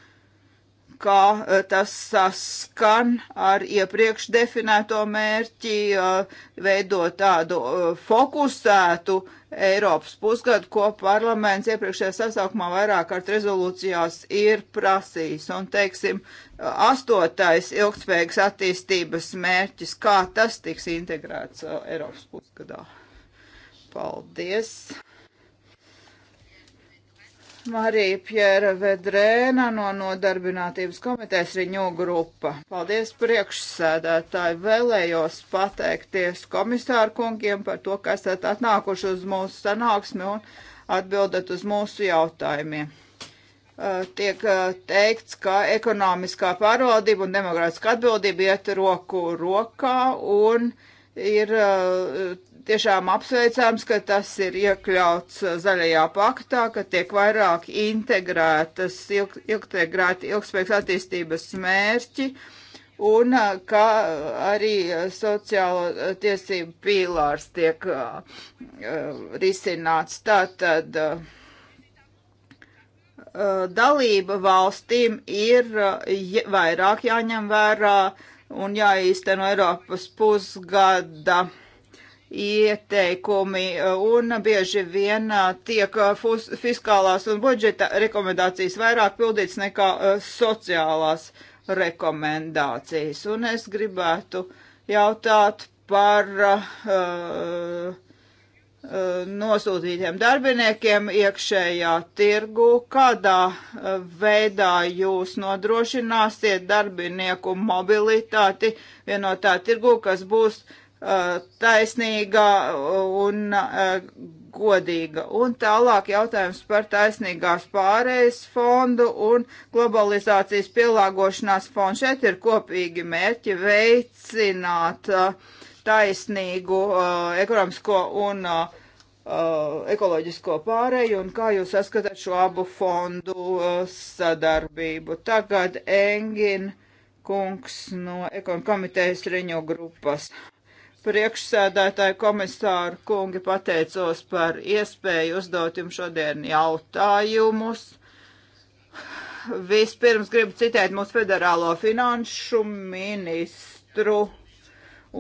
kā eh, tas saskan ar iepriekš definēto mērķi, eh, veidot tādu eh, fokusētu Eiropas pusgadu, ko parlaments iepriekšējā sasaukumā vairāk kārt rezolūcijās ir prasījis. Un, teiksim, astotais ilgspējīgas attīstības mērķis, kā tas tiks integrēts Eiropas pusgadā. Paldies! Marija Pjēra Vedrēna no Nodarbinātības komitejas Riņo grupa. Paldies priekšsēdētāji. Vēlējos pateikties komisāru kungiem par to, ka esat atnākuši uz mūsu sanāksmi un atbildat uz mūsu jautājumiem. Eh, tiek eh, teikts, ka ekonomiskā pārvaldība un demokrātiska atbildība iet roku rokā un ir eh, tiešām apsveicams, ka tas ir iekļauts uh, zaļajā paktā, ka tiek vairāk integrētas, ilg, integrēti ilgspējīgas attīstības mērķi un uh, ka arī uh, sociālo tiesību pīlārs tiek uh, risināts. Tātad uh, dalība valstīm ir uh, vairāk jāņem vērā un jāīsteno Eiropas pusgada. Uh, ieteikumi un bieži vien tiek fiskālās un budžeta rekomendācijas vairāk pildīts nekā sociālās rekomendācijas. Un es gribētu jautāt par uh, uh, nosūtītiem darbiniekiem iekšējā tirgu, kādā veidā jūs nodrošināsiet darbinieku mobilitāti vienotā tirgu, kas būs uh, taisnīga un eh, godīga. Un tālāk jautājums par taisnīgās pārējas fondu un globalizācijas pielāgošanās fondu. Šeit ir kopīgi mērķi veicināt eh, taisnīgu eh, ekonomisko un ekoloģisko pārēju un kā jūs saskatāt šo abu fondu sadarbību. Tagad Engin kungs no ekonomitejas riņo grupas priekšsēdētāju komisāru kungi pateicos par iespēju uzdot jums šodien jautājumus. Vispirms gribu citēt mūsu federālo finanšu ministru,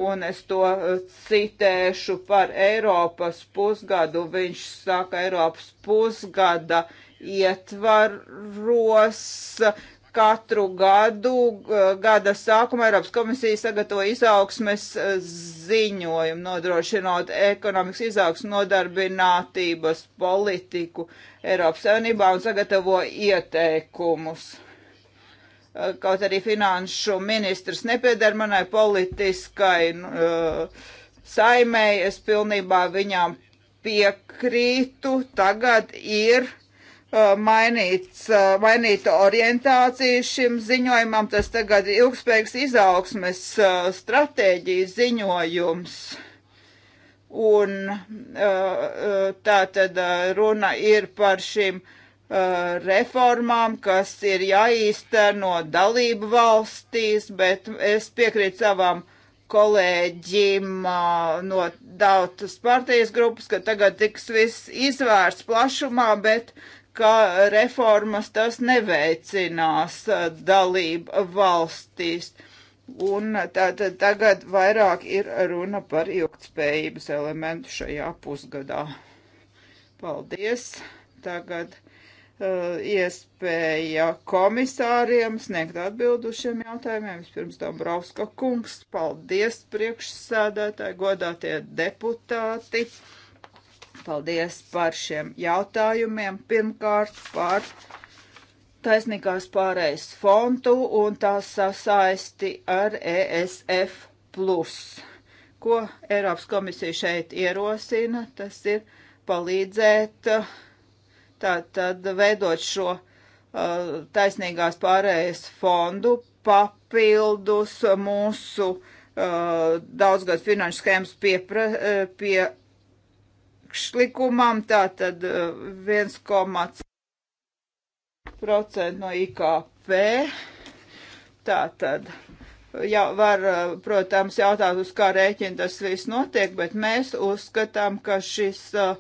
un es to eh, citēšu par Eiropas pusgadu. Viņš saka, Eiropas pusgada ietvaros katru gadu, eh, gada sākumā Eiropas komisija sagatavo izaugsmes eh, ziņojumu, nodrošinot ekonomikas izaugsmu nodarbinātības politiku Eiropas Savienībā un sagatavo ieteikumus. Eh, kaut arī finanšu ministrs nepiedar manai politiskai uh, saimēji, es pilnībā viņām piekrītu. Tagad ir uh, Uh, mainīts, uh, mainīta orientācija šim ziņojumam. Tas tagad ir ilgspējīgs izaugsmes uh, stratēģijas ziņojums. Un tā tad runa ir par šīm reformām, kas ir jāīsteno dalību valstīs, bet es piekrītu savam kolēģim no daudzas partijas grupas, ka tagad tiks viss izvērsts plašumā, bet uh, ka reformas tas neveicinās uh, dalību valstīs. Un tātad tagad vairāk ir runa par ilgtspējības elementu šajā pusgadā. Paldies! Tagad uh, iespēja komisāriem sniegt atbildu šiem jautājumiem. Vispirms Dombrovska kungs, paldies priekšsēdētāji, godātie deputāti! Uh, Paldies par šiem jautājumiem. Pirmkārt par taisnīgās pārējas fontu un tās sasaisti ar ESF. Ko Eiropas komisija šeit ierosina, tas ir palīdzēt tātad veidot šo uh, taisnīgās pārējas fondu papildus mūsu uh, daudzgad finanšu schēmas piepra, pie uh, priekšlikumam, tātad 1,5% eh, no IKP. Tātad jau var, eh, protams, jautāt, uz kā rēķina tas viss notiek, bet mēs uzskatām, ka šis uh,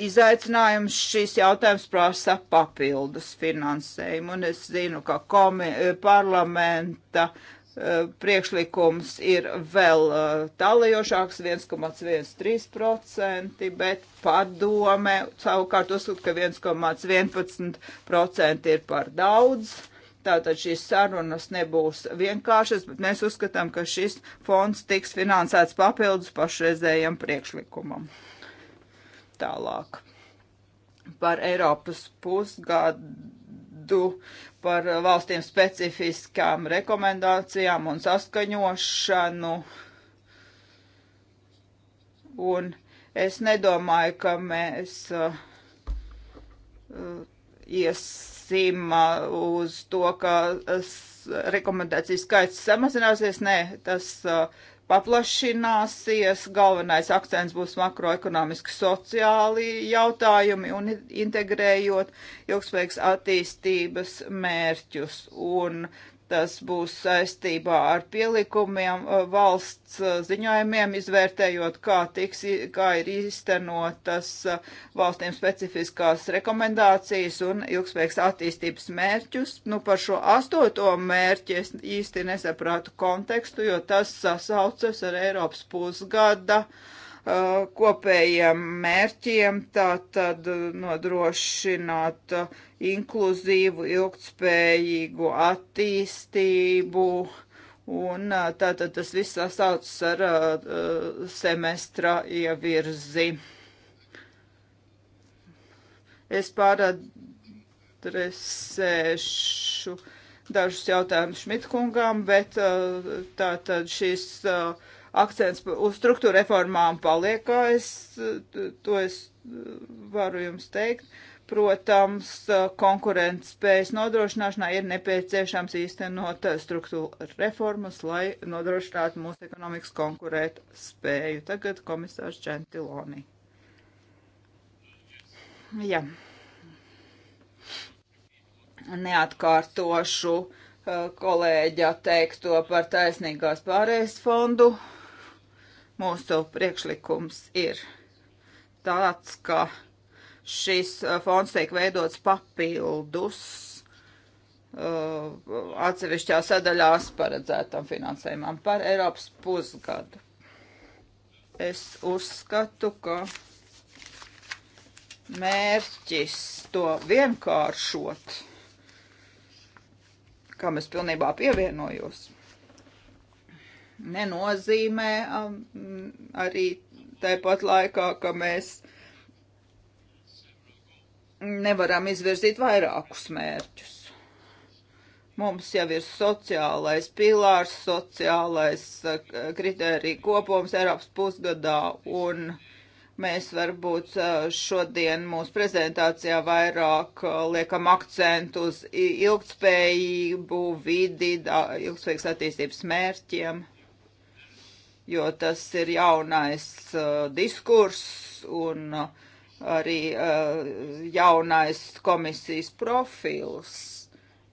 izaicinājums, šis jautājums prasa papildus finansējumu. Un es zinu, ka komi, parlamenta uh, Eh, priekšlikums ir vēl eh, tālajošāks, 1,13%, bet padome savukārt uzskata, ka 1,11% ir par daudz. Tātad šīs sarunas nebūs vienkāršas, bet mēs uzskatām, ka šis fonds tiks finansēts papildus pašreizējiem priekšlikumam. Tālāk par Eiropas pusgadu gadu par uh, valstīm specifiskām rekomendācijām un saskaņošanu. Un es nedomāju, ka mēs uh, uh iesim uh, uz to, ka rekomendācijas skaits samazināsies. Nē, tas uh, paplašināsies, galvenais akcents būs makroekonomiski sociāli jautājumi un integrējot ilgspējīgas attīstības mērķus. Un Tas būs saistībā ar pielikumiem eh, valsts eh, ziņojumiem, izvērtējot, kā, tiks, kā ir iztenotas eh, valstīm specifiskās rekomendācijas un ilgspējīgas attīstības mērķus. Nu, par šo astoto mērķi es īsti nesaprātu kontekstu, jo tas sasaucas ar Eiropas pusgada uh, Uh, kopējiem mērķiem, tātad nodrošināt inkluzīvu, ilgtspējīgu attīstību, un uh, tātad tas viss sasaucas ar uh, semestra ievirzi. Es pāradresēšu. Uh, dažus jautājumus Šmitkungam, bet uh, tā tad šīs uh, akcents uz struktūra reformām paliek, kā es uh, to es varu jums teikt. Protams, konkurences spējas nodrošināšanā ir nepieciešams īstenot struktūra reformas, lai nodrošinātu mūsu ekonomikas konkurēt spēju. Tagad komisārs Čentiloni. Jā. Yeah neatkārtošu uh, kolēģa teikto par taisnīgās pārējais fondu. Mūsu priekšlikums ir tāds, ka šis uh, fonds tiek veidots papildus uh, atsevišķā sadaļās paredzētam finansējumam par Eiropas pusgadu. Es uzskatu, ka mērķis to vienkāršot kam es pilnībā pievienojos, nenozīmē um, arī tāpat laikā, ka mēs nevaram izvirzīt vairākus mērķus. Mums jau ir sociālais pilārs, sociālais uh, kritērija kopums Eiropas pusgadā un uh, Mēs varbūt šodien mūsu prezentācijā vairāk liekam akcentu uz ilgspējību, vidi, ilgspējīgas attīstības mērķiem, jo tas ir jaunais uh, diskurss un arī uh, jaunais komisijas profils.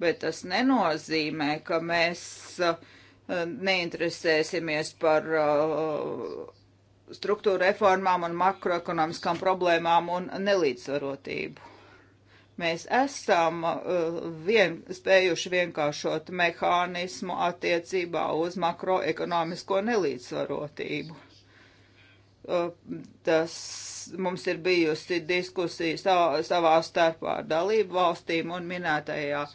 Bet tas nenozīmē, ka mēs uh, neinteresēsimies par uh, struktūra reformām un makroekonomiskām problēmām un nelīdzsvarotību. Mēs esam uh, vien, spējuši vienkāršot mehānismu attiecībā uz makroekonomisko nelīdzsvarotību. Uh, tas mums ir bijusi diskusija savā starpā ar dalību valstīm un minētajā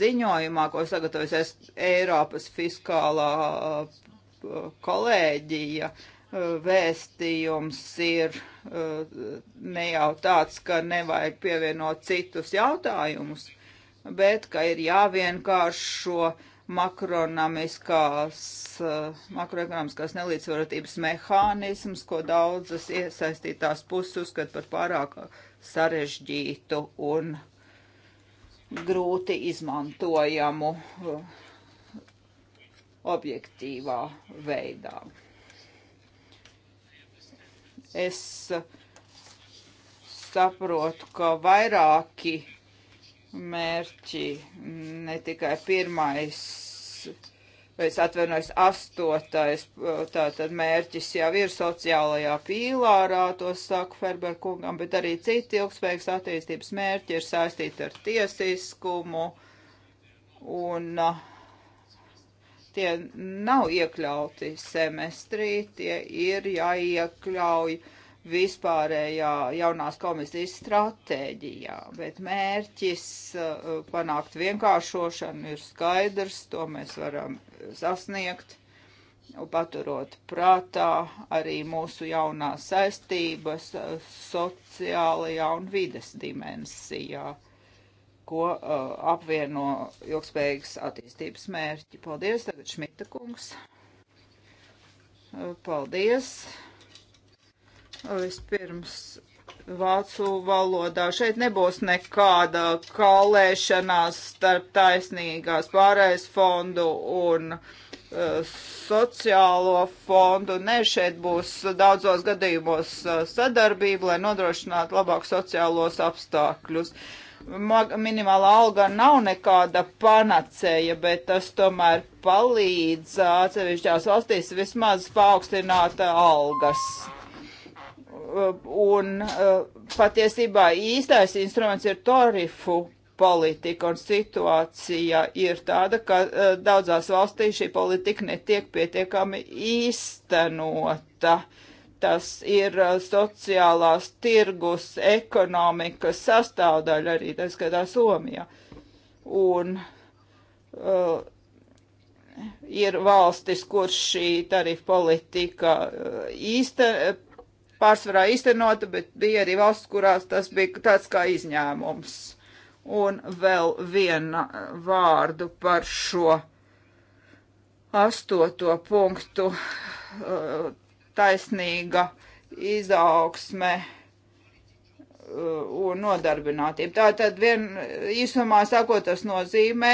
ziņojumā, ko sagatavojas Eiropas fiskālā uh, kolēģija. Uh, vēstījums ir eh, ne jau tāds, ka nevajag pievienot citus jautājumus, bet ka ir jāvienkāršo eh, makroekonomiskās nelīdzvarotības mehānisms, ko daudzas iesaistītās puses uzskat par pārāk sarežģītu un grūti izmantojamu eh, objektīvā veidā. Es saprotu, ka vairāki mērķi, ne tikai pirmais, vai es atvainojos, astotais, tātad mērķis jau ir sociālajā pīlārā, to saka Ferberkungam, bet arī citi ilgspējīgas attīstības mērķi ir saistīti ar tiesiskumu un uh, tie nav iekļauti semestrī, tie ir jāiekļauj vispārējā jaunās komisijas stratēģijā, bet mērķis uh, panākt vienkāršošanu ir skaidrs, to mēs varam sasniegt paturot prātā arī mūsu jaunās saistības uh, sociālajā un vides dimensijā ko uh, apvieno ilgspējīgas attīstības mērķi. Paldies, tagad Šmita kungs. Uh, paldies. Vispirms vācu valodā. Šeit nebūs nekāda kalēšanās starp taisnīgās pārējais fondu un uh, sociālo fondu. Nē, šeit būs daudzos gadījumos uh, sadarbība, lai nodrošinātu labāk sociālos apstākļus. Uh, minimālā alga nav nekāda panacēja, bet tas tomēr palīdz atsevišķās valstīs vismaz paaugstināt algas. Un eh, patiesībā īstais instruments ir tarifu politika, un situācija ir tāda, ka eh, daudzās valstīs šī politika netiek pietiekami īstenota. Uh, tas ir uh, sociālās tirgus ekonomikas sastāvdaļa arī, tā skatā Somijā. Un uh, ir valstis, kur šī tarifa politika uh, īsta, pārsvarā īstenota, bet bija arī valsts, kurās tas bija tāds kā izņēmums. Un vēl viena vārdu par šo astoto punktu uh, taisnīga izaugsme uh, un nodarbinātība. Tātad, vien, īsumā sakot, tas nozīmē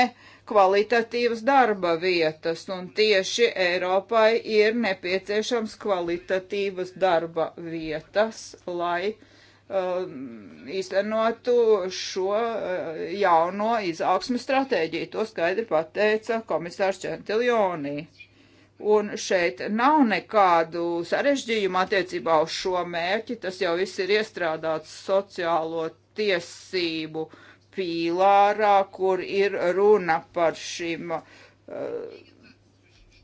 kvalitatīvas darba vietas, un tieši Eiropai ir nepieciešams kvalitatīvas darba vietas, lai um, īstenotu šo uh, jauno izaugsmu stratēģiju. To skaidri pateica komisārs Čentiljonī. Un šeit nav nekādu sarežģījumu attiecībā uz šo mērķi, tas jau viss ir iestrādāts sociālo tiesību pīlārā, kur ir runa par šim uh,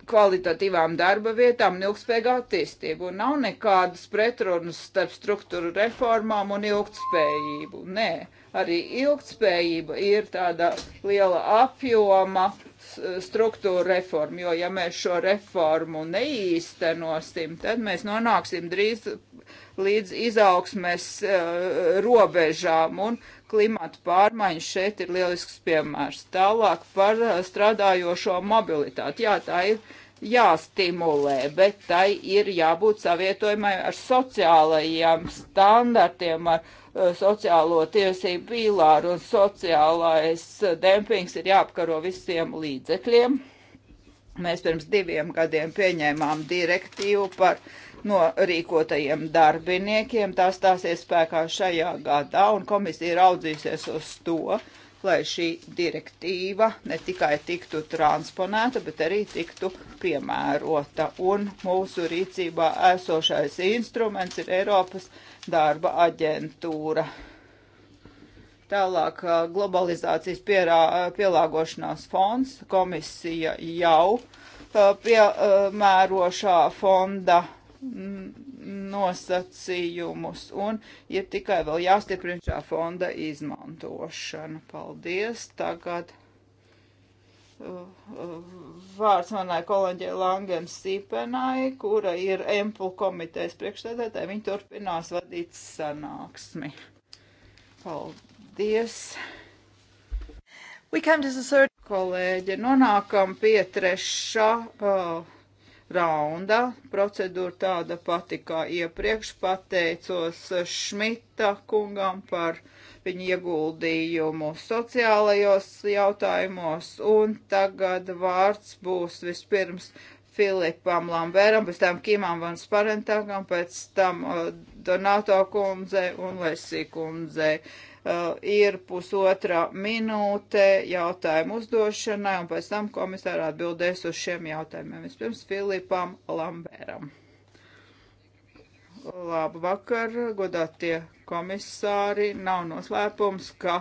kvalitatīvām darba vietām un ilgspējīgu attīstību. Un nav nekādas pretrunas starp struktūru reformām un ilgspējību. Nē, arī ilgspējība ir tāda liela apjoma struktūra reforma, jo ja mēs šo reformu neīstenosim, tad mēs nonāksim drīz līdz izaugsmes uh, robežām un klimata pārmaiņas šeit ir lielisks piemērs. Tālāk par eh, strādājošo mobilitāti. Jā, tā ir jāstimulē, bet tai ir jābūt savietojumai ar sociālajiem standartiem, ar uh, sociālo tiesību pīlāru un sociālais dempings ir jāapkaro visiem līdzekļiem. Mēs pirms diviem gadiem pieņēmām direktīvu par uh, norīkotajiem darbiniekiem. Tā stāsies spēkā šajā gadā, un komisija raudzīsies uz to, lai šī direktīva ne tikai tiktu transponēta, bet arī tiktu piemērota. Un mūsu rīcībā esošais instruments ir Eiropas darba aģentūra. Tālāk globalizācijas pierā, pielāgošanās fonds komisija jau piemērošā fonda Mm, nosacījumus un ir tikai vēl jāstiprina šā fonda izmantošana. Paldies! Tagad uh, uh, vārds manai kolēģei Langen Sīpenai, kura ir Empul komitejas priekšsēdētāja. Viņa turpinās vadīt sanāksmi. Paldies! We come to the third. Kolēģi, nonākam pie trešā. Oh raundā. Procedūra tāda pati kā iepriekš pateicos Šmita kungam par viņu ieguldījumu sociālajos jautājumos, un tagad vārds būs vispirms Filipam Lamberam, pēc tam Kimam Van Sparentākam, pēc tam uh, Donato kundzei un Lesī kundzei. Uh, Eh, ir pusotra minūte jautājumu uzdošanai, un pēc tam komisāra atbildēs uz šiem jautājumiem. Vispirms Filipam Lamberam. Labu vakar, godātie komisāri. Nav noslēpums, ka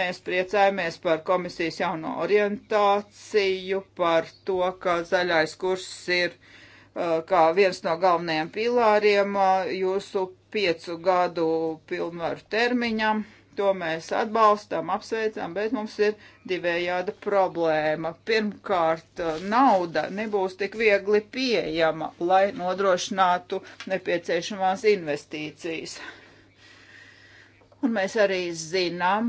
mēs priecājamies par komisijas jauno orientāciju, par to, ka zaļais kurs ir eh, kā viens no galvenajiem pilāriem eh, jūsu piecu gadu pilnvaru termiņam. To mēs atbalstām, apsveicām, bet mums ir divējāda problēma. Pirmkārt, nauda nebūs tik viegli pieejama, lai nodrošinātu nepieciešamās investīcijas. Un mēs arī zinām,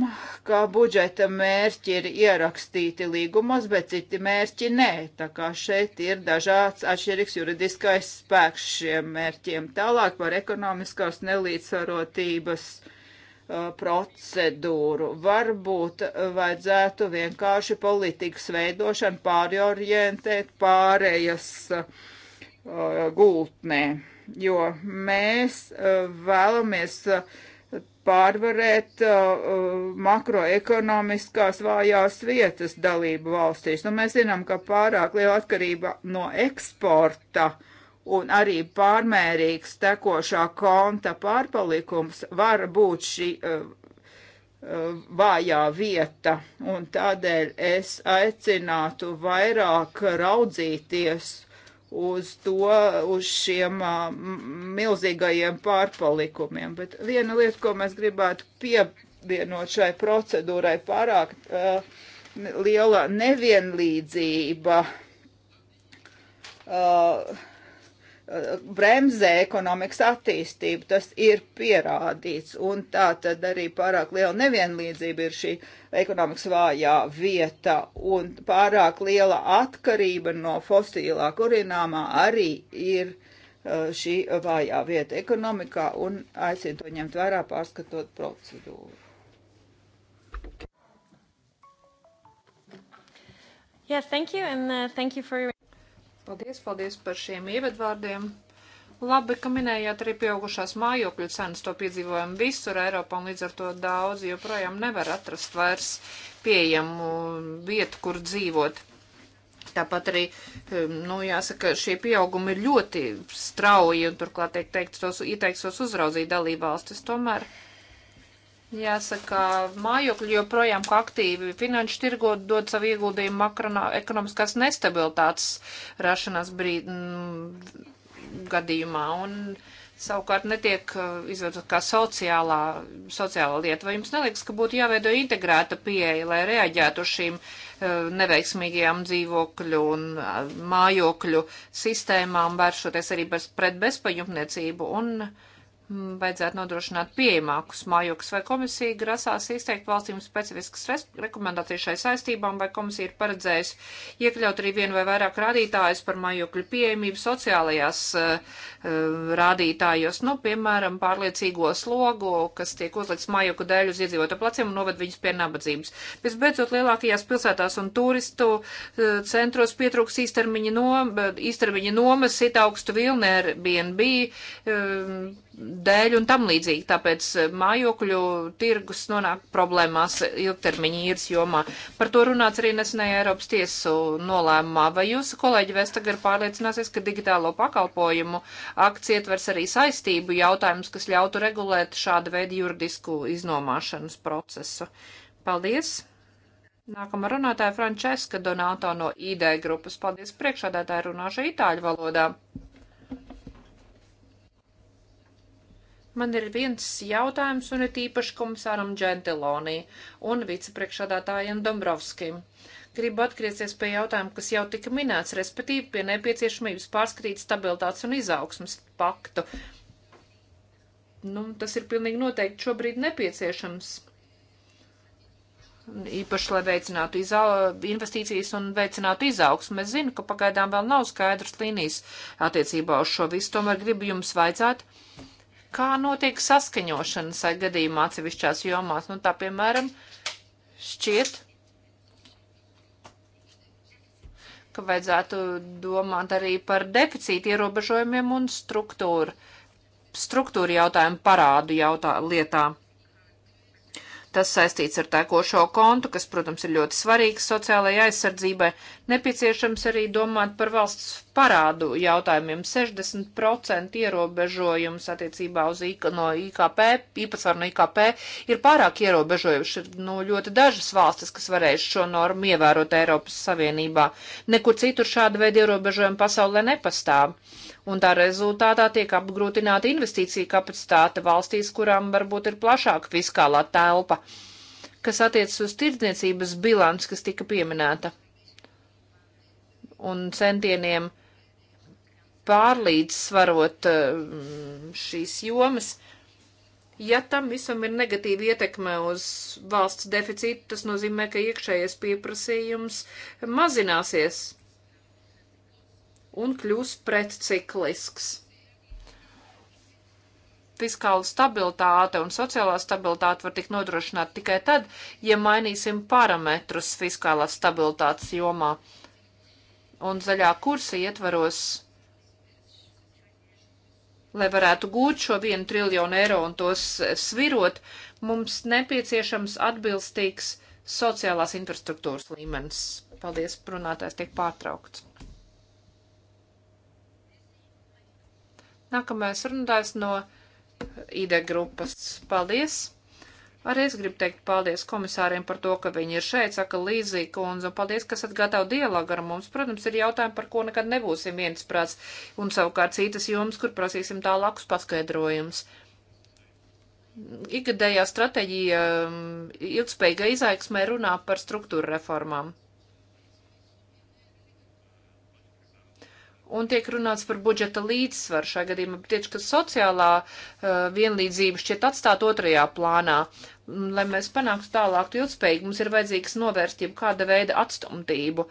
ka budžeta mērķi ir ierakstīti līgumos, bet citi mērķi nē. Tā kā šeit ir dažāds atšķirīgs juridiskais spēks šiem mērķiem. Tālāk par ekonomiskās nelīdzsvarotības uh, Uh, procedūru. Varbūt vajadzētu vienkārši politikas veidošanu pāriorientēt pārējas uh, gultnē, jo mēs uh, vēlamies uh, pārvarēt uh, uh, makroekonomiskās vājās vietas dalību valstīs. Nu, mēs zinām, ka pārāk liela atkarība no eksporta uh, un arī pārmērīgs tekošā konta pārpalikums var būt šī uh, uh, vājā vieta, un tādēļ es aicinātu vairāk raudzīties uz to, uz šiem uh, milzīgajiem pārpalikumiem. Bet viena lieta, ko mēs gribētu pievienot šai procedūrai, pārāk uh, liela nevienlīdzība. Uh, bremzē ekonomikas attīstību, tas ir pierādīts, un tā tad arī pārāk liela nevienlīdzība ir šī ekonomikas vājā vieta, un pārāk liela atkarība no fosilā kurināmā arī ir uh, šī vājā vieta ekonomikā, un aicinu to ņemt vērā pārskatot procedūru. Yeah, thank you, and uh, thank you for your Paldies, paldies par šiem ievadvārdiem. Labi, ka minējāt arī pieaugušās mājokļu cenas, to piedzīvojam visur Eiropā un līdz ar to daudzi joprojām nevar atrast vairs pieejamu vietu, kur dzīvot. Tāpat arī, um, nu, jāsaka, šie pieaugumi ir ļoti strauji un turklāt tiek teikts tos, ieteikts tos uzraudzīt dalībvalstis. Tomēr Jāsaka, mājokļi joprojām kā aktīvi finanšu tirgo dod savu ieguldījumu makronā, ekonomiskās nestabilitātes rašanās brīd, m, mm, gadījumā. Un, savukārt netiek uh, izveidot kā sociālā, sociālā lieta. Vai jums neliks, ka būtu jāveido integrēta pieeja, lai reaģētu uz šīm uh, neveiksmīgajām dzīvokļu un uh, mājokļu sistēmām, vēršoties arī pret bezpajumtniecību un uh, Mm, vajadzētu nodrošināt pieejamākus mājokus, vai komisija grasās izteikt valstīm specifiskas rekomendācijas šai saistībām, vai komisija ir paredzējusi iekļaut arī vienu vai vairāk rādītājus par mājokļu pieejamību sociālajās uh, rādītājos, nu, piemēram, pārliecīgo slogu, kas tiek uzlikts mājoku dēļ uz iedzīvotu placiem un noved viņus pie nabadzības. Visbeidzot, lielākajās pilsētās un turistu uh, centros pietrūks īstermiņa, nom, īstermiņa nomas, it augstu vilni Airbnb, uh, dēļ un tam līdzīgi. Tāpēc eh, mājokļu tirgus nonāk problēmās ilgtermiņa īres jomā. Par to runāts arī nesenajā Eiropas tiesu nolēmumā. Vai jūsu kolēģi Vestagar pārliecināsies, ka digitālo pakalpojumu akts ietvers arī saistību jautājums, kas ļautu regulēt šādu veidu juridisku iznomāšanas procesu? Paldies! Nākamā runātāja Frančeska Donato no ID grupas. Paldies priekšādātāja runāšu itāļu valodā. Man ir viens jautājums, un ir īpaši komisāram Džentilonī un vicepriekšādātājiem Dombrovskim. Gribu atgriezties pie jautājuma, kas jau tika minēts, respektīvi pie nepieciešamības pārskatīt stabilitātes un izaugsmas paktu. Nu, tas ir pilnīgi noteikti šobrīd nepieciešams īpaši, lai veicinātu izau, investīcijas un veicinātu izaugsmu. Es zinu, ka pagaidām vēl nav skaidrs līnijas attiecībā uz šo visu, tomēr gribu jums vaicāt, Kā notiek saskaņošana sai gadījumā atsevišķās jomās? Nu, tā piemēram, šķiet, ka vajadzētu domāt arī par deficīti ierobežojumiem un struktūru, struktūru jautājumu parādu jautā, lietā. Tas saistīts ar tekošo kontu, kas, protams, ir ļoti svarīgs sociālajai aizsardzībai. Nepieciešams arī domāt par valsts parādu jautājumiem. 60% ierobežojums attiecībā uz IK, no IKP, īpatsvaru no IKP ir pārāk ierobežojuši. Ir no nu, ļoti dažas valstis, kas varēs šo normu ievērot Eiropas Savienībā. Nekur citur šāda veida ierobežojumi pasaulē nepastāv un tā rezultātā tiek apgrūtināta investīcija kapacitāte valstīs, kurām varbūt ir plašāka fiskālā telpa, kas attiecas uz tirdzniecības bilants, kas tika pieminēta, un centieniem pārlīdzsvarot mm, šīs jomas. Ja tam visam ir negatīva ietekme uz valsts deficītu, tas nozīmē, ka iekšējais pieprasījums mazināsies un kļūs pretciklisks. Fiskāla stabilitāte un sociālā stabilitāte var tikt nodrošināta tikai tad, ja mainīsim parametrus fiskālās stabilitātes jomā. Un zaļā kursa ietvaros, lai varētu gūt šo vienu triljonu eiro un tos svirot, mums nepieciešams atbilstīgs sociālās infrastruktūras līmenis. Paldies, runātājs tiek pārtraukts. Nākamais runātājs no ID grupas. Paldies! Arī es gribu teikt paldies komisāriem par to, ka viņi ir šeit, saka Līzija kundze, un paldies, ka esat gatavi dialogu ar mums. Protams, ir jautājumi, par ko nekad nebūsim viensprāts, un savukārt citas jomas, kur prasīsim tālākus paskaidrojumus. Ikgadējā stratēģija mm, ilgspējīga izaiksmē runā par struktūra reformām. un tiek runāts par budžeta līdzsvaru šajā gadījumā, bet tieši, ka sociālā uh, vienlīdzība šķiet atstāt otrajā plānā. Lai mēs panāktu tālāk ilgspējīgi, mums ir vajadzīgs novērst jau kāda veida atstumtību.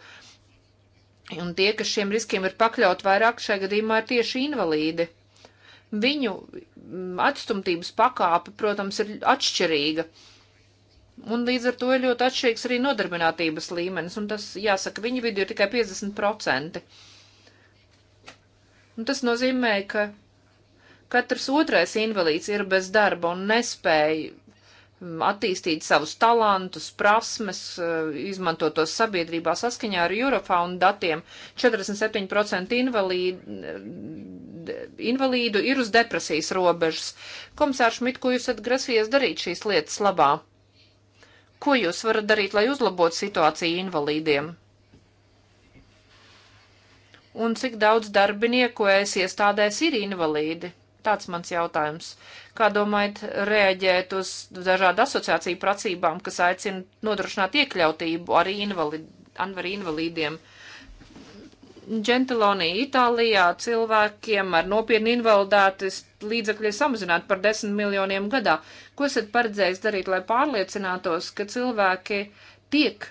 Un tie, kas šiem riskiem ir pakļaut vairāk, šajā gadījumā ir tieši invalīdi. Viņu mm, atstumtības pakāpe, protams, ir atšķirīga. Un līdz ar to ir ļoti atšķirīgs arī nodarbinātības līmenis, un tas, jāsaka, viņu vidu ir tikai 50%. Un tas nozīmē, ka katrs otrais invalīds ir bez darba un nespēja mm, attīstīt savus talantus, prasmes, eh, izmantot tos sabiedrībā saskaņā ar Eurofound datiem. 47% invalīdu, eh, invalīdu ir uz depresijas robežas. Komisārs Šmit, ko jūs esat grasījies darīt šīs lietas labā? Ko jūs varat darīt, lai uzlabotu situāciju invalīdiem? un cik daudz darbinieku es iestādēs ir invalīdi? Tāds mans jautājums. Kā domājat reaģēt uz dažādu asociāciju pracībām, kas aicina nodrošināt iekļautību arī invalid, invalīdiem? Džentilonī, Itālijā cilvēkiem ar nopietnu invaliditātes līdzekļi ir samazināti par 10 miljoniem gadā. Ko esat paredzējis darīt, lai pārliecinātos, ka cilvēki tiek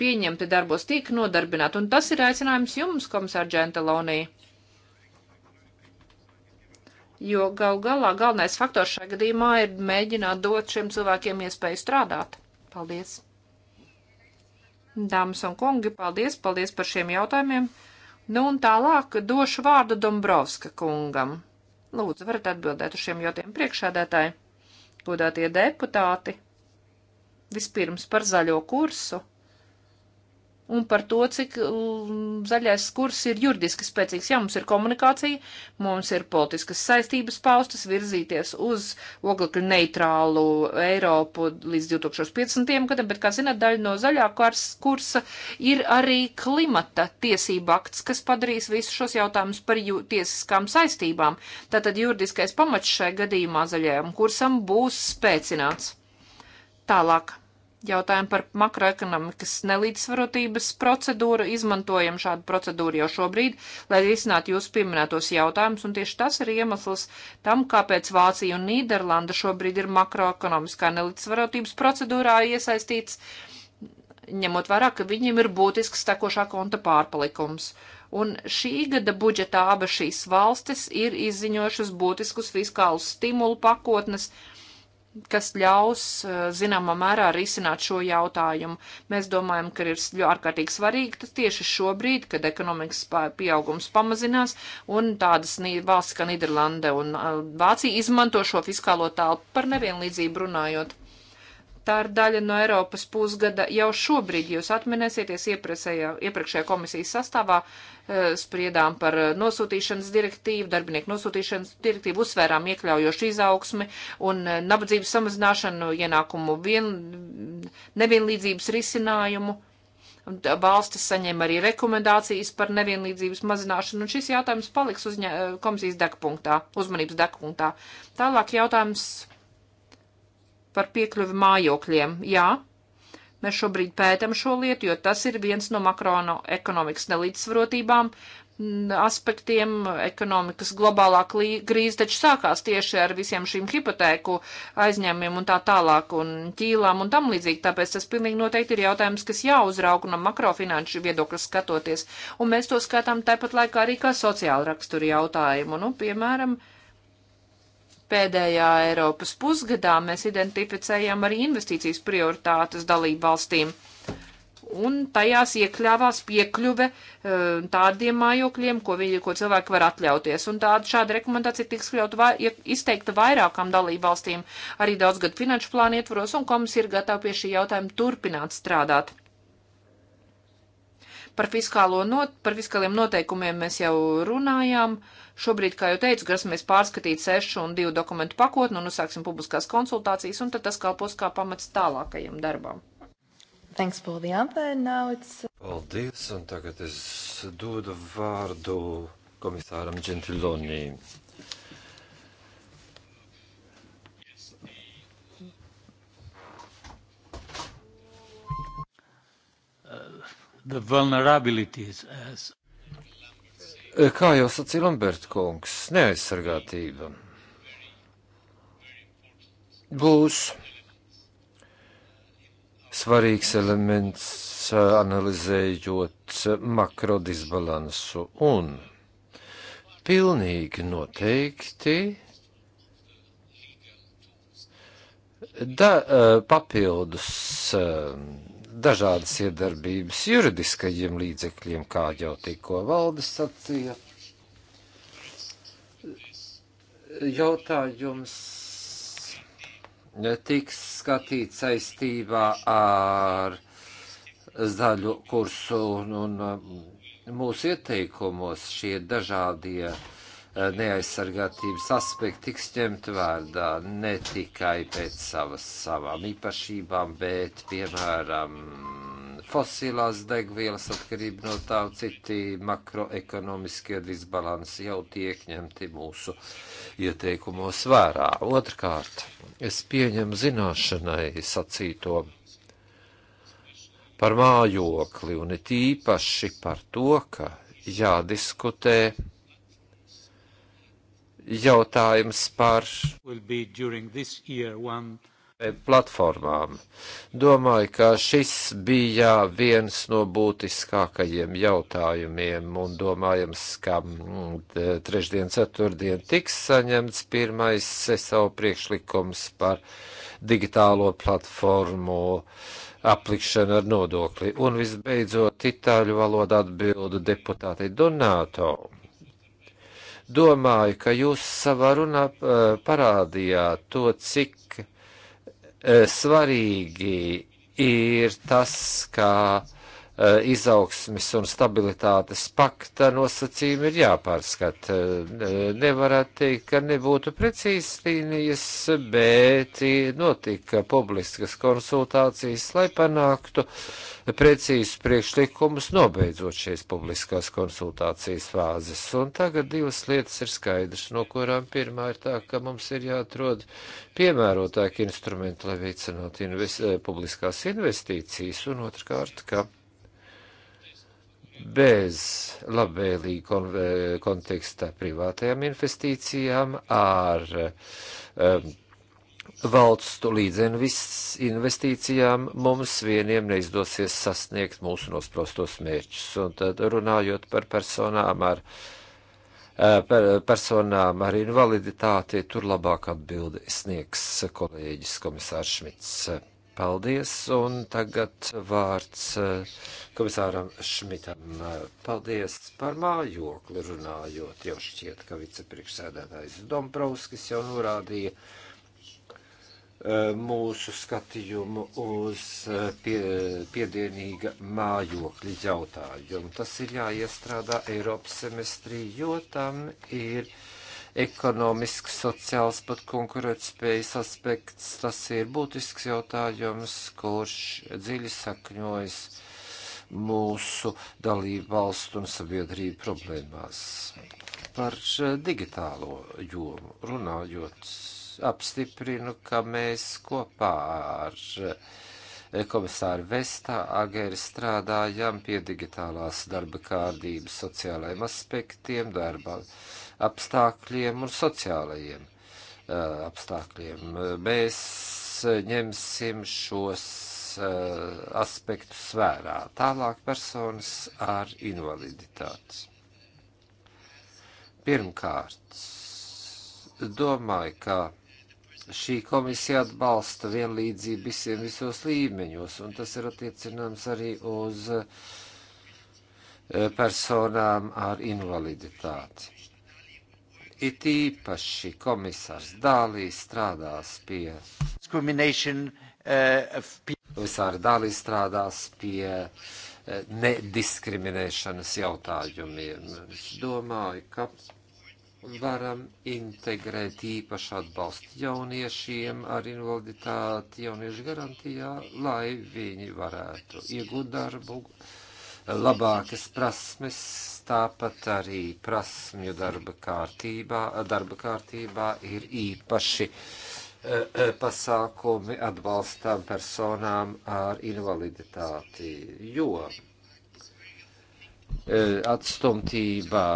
pieņemti darbos, tiek nodarbināti. Un tas ir aicinājums jums, komisār Džentelonī. Jo gal galā galvenais faktors šajā gadījumā ir mēģināt dot šiem cilvēkiem iespēju strādāt. Paldies! Dāmas un kungi, paldies, paldies par šiem jautājumiem. Nu un tālāk došu vārdu Dombrovska kungam. Lūdzu, varat atbildēt uz šiem jautājumiem priekšādētāji, godātie deputāti. Vispirms par zaļo kursu un par to, cik zaļais kurs ir juridiski spēcīgs. Jā, mums ir komunikācija, mums ir politiskas saistības paustas virzīties uz oglekļu neitrālu Eiropu līdz 2050. gadam, bet, kā zināt, daļa no zaļā kursa ir arī klimata tiesība akts, kas padarīs visus šos jautājumus par ju tiesiskām saistībām. Tātad juridiskais pamats šai gadījumā zaļajam kursam būs spēcināts. Tālāk jautājumu par makroekonomikas nelīdzsvarotības procedūru. Izmantojam šādu procedūru jau šobrīd, lai risinātu jūsu pieminētos jautājumus, un tieši tas ir iemesls tam, kāpēc Vācija un Nīderlanda šobrīd ir makroekonomiskā nelīdzsvarotības procedūrā iesaistīts, ņemot vērā, ka viņiem ir būtisks tekošā konta pārpalikums. Un šī gada budžetā abas šīs valstis ir izziņojušas būtiskus fiskālus stimulu pakotnes, uh, kas ļaus eh, zināmā mērā risināt šo jautājumu. Mēs domājam, ka ir ārkārtīgi svarīgi tas tieši šobrīd, kad ekonomikas pieaugums pamazinās un tādas valsts kā Nīderlande un eh, Vācija izmanto šo fiskālo tālu par nevienlīdzību runājot. Tā ir daļa no Eiropas pusgada jau šobrīd. Jūs atminēsieties iepriekšējā komisijas sastāvā eh, spriedām par eh, nosūtīšanas direktīvu, darbinieku nosūtīšanas direktīvu, uzsvērām iekļaujošu izaugsmi un eh, nabadzības samazināšanu, ienākumu vien, nevienlīdzības risinājumu. Valstis saņēma arī rekomendācijas par nevienlīdzības mazināšanu, un šis jautājums paliks uzņē, komisijas degpunktā, uzmanības degpunktā. Tālāk jautājums par piekļuvi mājokļiem. Jā, mēs šobrīd pētam šo lietu, jo tas ir viens no makroekonomikas nelīdzsvarotībām mm, aspektiem. Ekonomikas globālā krīze taču sākās tieši ar visiem šīm hipotēku aizņēmumiem un tā tālāk un ķīlām un tam līdzīgi. Tāpēc tas pilnīgi noteikti ir jautājums, kas jāuzrauga no makrofinanšu viedokļa skatoties. Un mēs to skatām tāpat laikā arī kā sociāla rakstura jautājumu. Nu, piemēram, uh, Pēdējā Eiropas pusgadā mēs identificējām arī investīcijas prioritātes dalību valstīm. Un tajās iekļāvās piekļuve eh, tādiem mājokļiem, ko, viņi, ko cilvēki var atļauties. Un tāda šāda rekomendācija tiks kļaut, vai, izteikta vairākām dalību valstīm arī daudzgad finanšu plānu ietvaros, un komisija ir gatava pie šī jautājuma turpināt strādāt par, not, par fiskāliem noteikumiem mēs jau runājām. Šobrīd, kā jau teicu, grasamies pārskatīt sešu un divu dokumentu pakotni un uzsāksim publiskās konsultācijas, un tad tas kalpos kā pamats tālākajam darbam. Thanks for the answer. Now it's... Paldies, un tagad es dodu vārdu komisāram Gentiloni. The vulnerabilities as Eh, kā jau sacīja Lamberta kungs, neaizsargātība būs svarīgs elements eh, analizējot makro disbalansu un pilnīgi noteikti da, eh, papildus dažādas iedarbības juridiskajiem līdzekļiem, kā jau tikko valdes sacīja. Jautājums tiks skatīts saistībā ar zaļu kursu un, un um, mūsu ieteikumos šie dažādie uh, Eh, neaizsargātības aspekti tiks ņemt vērdā ne tikai pēc savas, savām īpašībām, bet, piemēram, fosilās degvielas atkarība no tā, citi makroekonomiskie disbalansi jau tiek ņemti mūsu ieteikumos vērā. Otrkārt, es pieņemu zināšanai sacīto par mājokli un it īpaši par to, ka jādiskutē jautājums par e, platformām. Domāju, ka šis bija viens no būtiskākajiem jautājumiem un domājams, ka mm, trešdien, ceturtdien tiks saņemts pirmais savu priekšlikums par digitālo platformu aplikšanu ar nodokli. Un visbeidzot, itāļu valoda atbildu deputātei Donāto domāju, ka jūs savā runā parādījāt to, cik svarīgi ir tas, kā Eh, izaugsmes un stabilitātes pakta nosacījumi ir jāpārskata. Eh, nevarētu teikt, ka nebūtu precīzas līnijas, bet notika publiskas konsultācijas, lai panāktu precīzus priekšlikumus, nobeidzot šīs publiskās konsultācijas fāzes. Un tagad divas lietas ir skaidrs, no kurām pirmā ir tā, ka mums ir jāatrod piemērotāki instrumenti, lai veicinātu invest eh, publiskās investīcijas, un otrkārt, ka bez labvēlīga kon e, konteksta privātajām investīcijām, ar um, valstu līdzinvestīcijām mums vieniem neizdosies sasniegt mūsu nosprostos mērķus. Un tad runājot par personām ar, e, par personām ar invaliditāti, tur labāk atbildi sniegs kolēģis komisārs Šmits. Paldies, un tagad vārds eh, komisāram Šmitam. Paldies par mājokli runājot, jo šķiet, ka vicepriekšsēdētājs Dombrovskis jau norādīja eh, mūsu skatījumu uz eh, pie, piedienīga mājokļa jautājumu. Tas ir jāiestrādā Eiropas semestrī, jo tam ir. Uh, ekonomisks, sociāls, pat konkurētspējas aspekts. Tas ir būtisks jautājums, kurš dziļi sakņojas mūsu dalību valstu un sabiedrību problēmās. Par digitālo jomu runājot, apstiprinu, ka mēs kopā ar komisāru Vestā Agēri strādājam pie digitālās darba kārtības sociālajiem aspektiem, darba uh, apstākļiem un sociālajiem eh, apstākļiem. Mēs ņemsim šos eh, aspektus vērā. Tālāk personas ar invaliditāti. Pirmkārt, domāju, ka šī komisija atbalsta vienlīdzību visiem visos līmeņos, un tas ir attiecināms arī uz eh, personām ar invaliditāti. It īpaši komisārs Dālī strādās pie. Uh, Komisāra Dālī strādās pie uh, nediskriminēšanas jautājumiem. Es domāju, ka varam integrēt īpašu atbalstu jauniešiem ar invaliditāti jauniešu garantijā, lai viņi varētu iegūt darbu, labākas prasmes, tāpat arī prasmju darba kārtībā, darba kārtībā ir īpaši e, e, pasākumi atbalstām personām ar invaliditāti, jo e, atstumtībā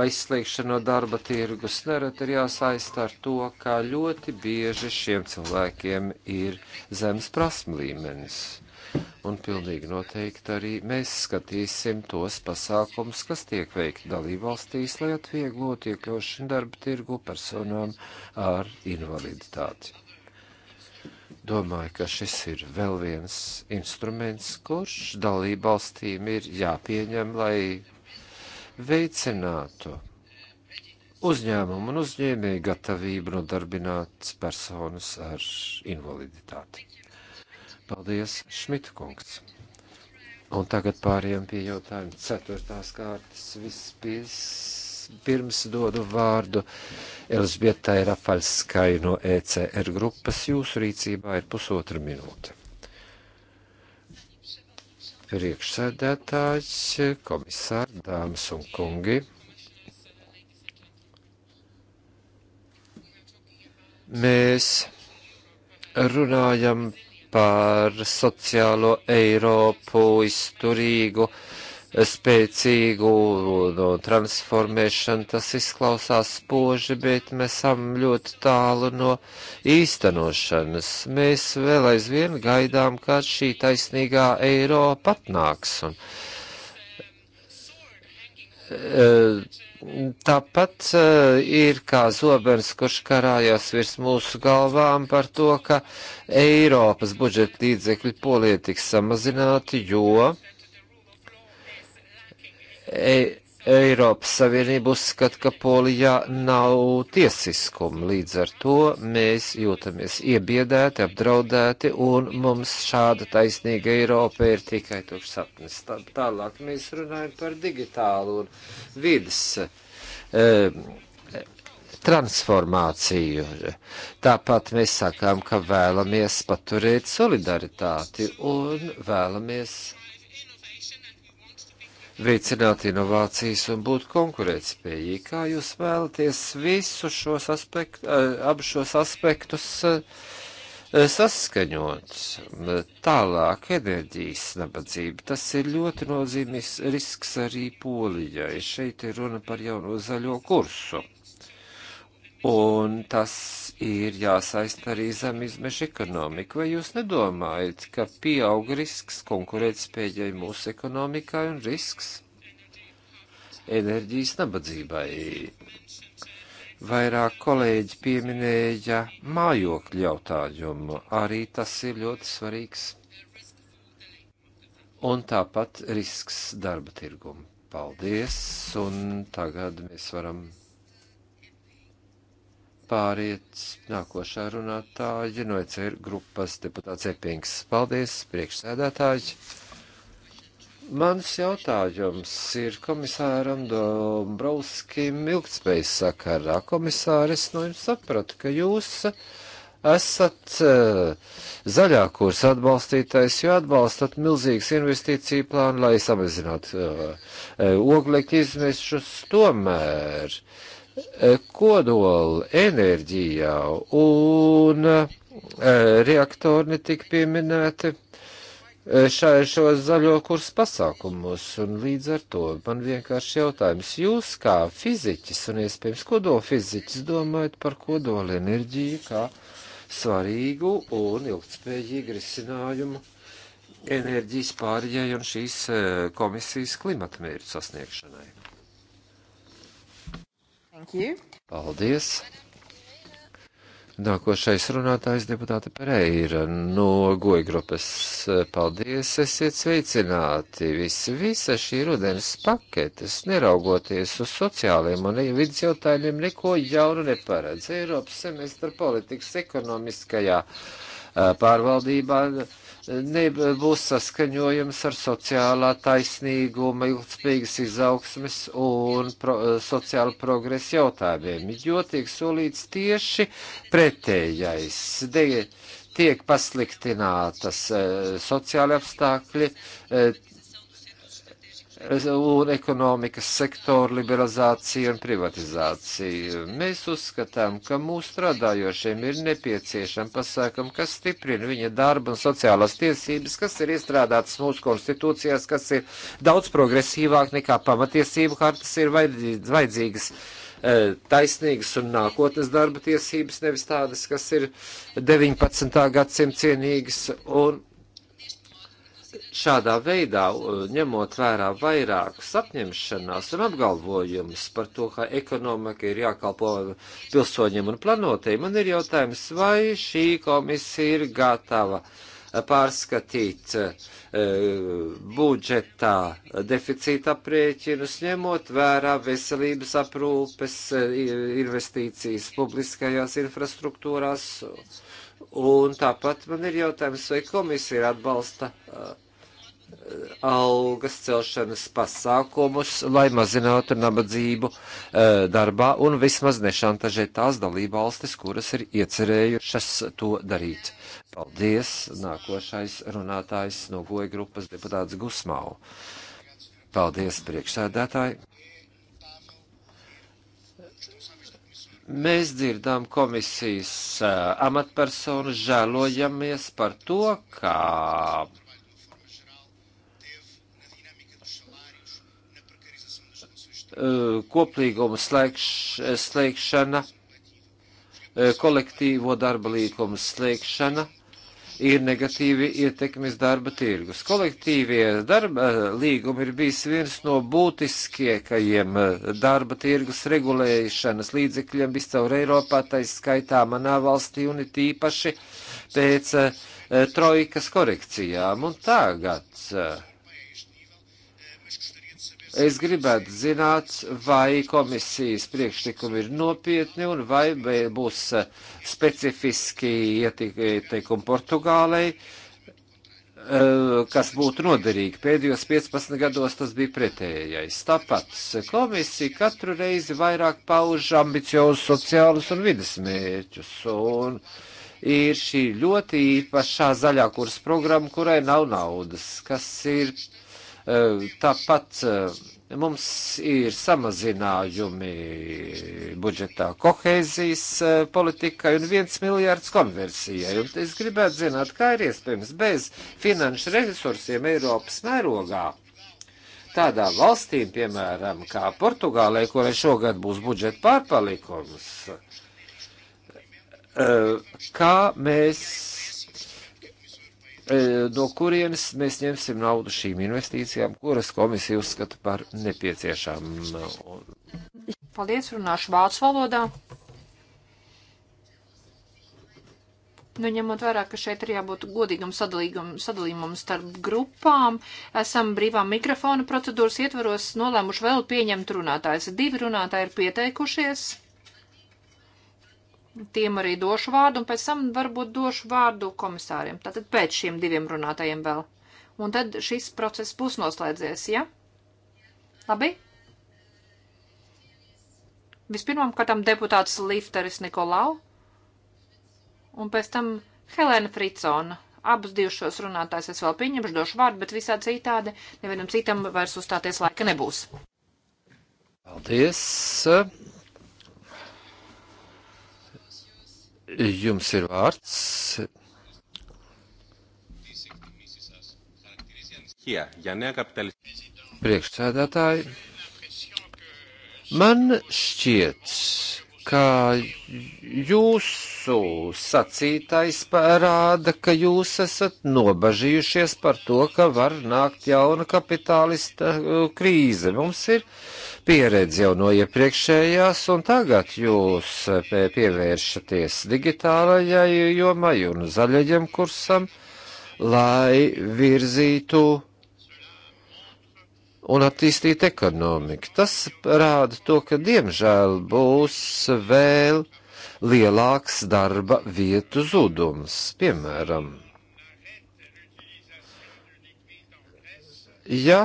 vai izslēgšana no darba tirgus nereti ir jāsaista ar to, kā ļoti bieži šiem cilvēkiem ir zemes prasme līmenis. Un pilnīgi noteikti arī mēs skatīsim tos pasākums, kas tiek veikti dalībvalstīs, lai atvieglotu iekļaušanu darba tirgu personām ar invaliditāti. Domāju, ka šis ir vēl viens instruments, kurš dalībvalstīm ir jāpieņem, lai veicinātu uzņēmumu un uzņēmēju gatavību nodarbināt personas ar invaliditāti. Paldies, Šmitkungs. Un tagad pāriem pie jautājuma ceturtās kārtas. Vispirms dodu vārdu Elžbietai Rafaļskai no ECR grupas. Jūsu rīcībā ir pusotra minūte. Priekšsēdētājs, komisāri, dāmas un kungi. Mēs runājam par sociālo Eiropu, izturīgu, spēcīgu no transformēšanu. Tas izklausās spoži, bet mēs esam ļoti tālu no īstenošanas. Mēs vēl aizvien gaidām, kad šī taisnīgā Eiropa atnāks. Un, uh, Tāpat eh, ir kā zobens, kurš karājās virs mūsu galvām par to, ka Eiropas budžeta līdzekļi polie tiks samazināti, jo eh, Eiropas Savienība uzskata, ka Polijā nav tiesiskuma. Līdz ar to mēs jūtamies iebiedēti, apdraudēti, un mums šāda taisnīga Eiropa ir tikai tukšs sapnis. Tā, tālāk mēs runājam par digitālu un vidas e, transformāciju. Tāpat mēs sakām, ka vēlamies paturēt solidaritāti un vēlamies veicināt inovācijas un būt konkurētspējīgi. Kā jūs vēlaties visu šos aspektu, eh, abu šos aspektus eh, saskaņot? Tālāk enerģijas nabadzība. Tas ir ļoti nozīmīgs risks arī Polijai. Šeit ir runa par jauno zaļo kursu. Un tas ir jāsaista arī zem izmešu ekonomika. Vai jūs nedomājat, ka pieaug risks konkurētspējai mūsu ekonomikai un risks enerģijas nabadzībai? Vairāk kolēģi pieminēja mājokļu jautājumu. Arī tas ir ļoti svarīgs. Un tāpat risks darba tirgumu. Paldies, un tagad mēs varam pāriet nākošā runātāja no ECR grupas deputāts Epings. Paldies, priekšsēdētāji. Mans jautājums ir komisāram Dombrovskim ilgtspējas sakarā. Komisāris, no jums sapratu, ka jūs esat uh, zaļā kursa atbalstītājs, jo atbalstat milzīgas investīciju plānu, lai samazinātu uh, oglekļa izmešus. Tomēr uh, kodola enerģijā un e, reaktori netika pieminēti e, šai šo zaļo kursu pasākumos, un līdz ar to man vienkārši jautājums, jūs kā fiziķis un iespējams kodolfiziķis domājat par kodola enerģiju kā svarīgu un ilgtspējīgu risinājumu enerģijas pārējai un šīs e, komisijas klimatmērķu sasniegšanai? Paldies! Nākošais runātājs deputāte Pereira no goja grupas. Paldies, esiet sveicināti. Visi, visa šī rudenes paketes, neraugoties uz sociāliem un vidas jautājumiem, neko jaunu neparedz. Eiropas semestra politikas ekonomiskajā pārvaldībā. Uh, nebūs saskaņojams ar sociālā taisnīguma, ilgspējīgas izaugsmes un pro, sociāla progresa jautājumiem, jo tiek solīts tieši pretējais. De, tiek pasliktinātas eh, sociāla apstākļi, eh, un ekonomikas sektoru liberalizāciju un privatizāciju. Mēs uzskatām, ka mūsu strādājošiem ir nepieciešama pasākuma, kas stiprina viņa darba un sociālās tiesības, kas ir iestrādātas mūsu konstitūcijās, kas ir daudz progresīvāk nekā pamatiesību hartas ir vajadzīgas e, taisnīgas un nākotnes darba tiesības, nevis tādas, kas ir 19. gadsimta cienīgas un Šādā veidā, uh, ņemot vērā vairākas apņemšanās un apgalvojumus par to, ka ekonomika ir jākalpo pilsoņiem un planētai, man ir jautājums, vai šī komisija ir gatava pārskatīt e, budžetā deficīta aprēķinus, ņemot vērā veselības aprūpes uh, investīcijas publiskajās infrastruktūrās. Un tāpat man ir jautājums, vai komisija atbalsta uh, algas celšanas pasākumus, lai mazinātu nabadzību e, darbā un vismaz nešantažē tās dalībvalstis, kuras ir iecerējušas to darīt. Paldies! Nākošais runātājs no goja grupas deputāts Gusmau. Paldies, priekšsēdētāji! Mēs dzirdām komisijas eh, amatpersonu žēlojamies par to, kā Eh, koplīguma slēgš, eh, slēgšana, eh, kolektīvo darba līguma slēgšana ir negatīvi ietekmis darba tirgus. Kolektīvie darba līgumi ir bijis viens no būtiskākajiem darba tirgus regulēšanas līdzekļiem viscaur Eiropā, tā izskaitā manā valstī un it īpaši pēc trojkas korekcijām. Un tagad Es gribētu zināt, vai komisijas priekšlikumi ir nopietni un vai būs eh, specifiski ieteikumi Portugālei, eh, kas būtu noderīgi. Pēdējos 15 gados tas bija pretējais. Tāpat komisija katru reizi vairāk pauž ambiciozus sociālus un vidas mērķus. Un, ir šī ļoti īpašā zaļā kursa programma, kurai nav naudas, kas ir uh, Tāpat eh, mums ir samazinājumi budžetā kohēzijas eh, politikai un viens miljārds konversijai. Un es gribētu zināt, kā ir iespējams bez finanšu resursiem Eiropas mērogā. Tādām valstīm, piemēram, kā Portugālē, kurai šogad būs budžeta pārpalikums, eh, kā mēs E, no kurienes mēs ņemsim naudu šīm investīcijām, kuras komisija uzskata par nepieciešām. Paldies, runāšu vācu valodā. Nu, ņemot vērā, ka šeit ir jābūt godīgam sadalījumam starp grupām, esam brīvā mikrofona procedūras ietvaros nolēmuši vēl pieņemt runātājus. Divi runātāji ir pieteikušies. Tiem arī došu vārdu, un pēc tam varbūt došu vārdu komisāriem. Tātad pēc šiem diviem runātajiem vēl. Un tad šis process būs noslēdzies, ja? Labi? Vispirmām kārtām deputāts Lifteris Nikolau, un pēc tam Helēna Fricona. Abus divus šos runātājus es vēl pieņemšu, došu vārdu, bet visā citādi nevienam citam vairs uzstāties laika nebūs. Paldies! Jums ir vārds. Priekšsēdētāji, man šķiet, ka jūsu sacītais parāda, ka jūs esat nobažījušies par to, ka var nākt jauna kapitālista uh, krīze. Mums ir uh, pieredzi jau no iepriekšējās, un tagad jūs eh, pievēršaties digitālajai jomai un zaļajam kursam, lai virzītu un attīstītu ekonomiku. Tas rāda to, ka diemžēl būs vēl lielāks darba vietu zudums, piemēram. Ja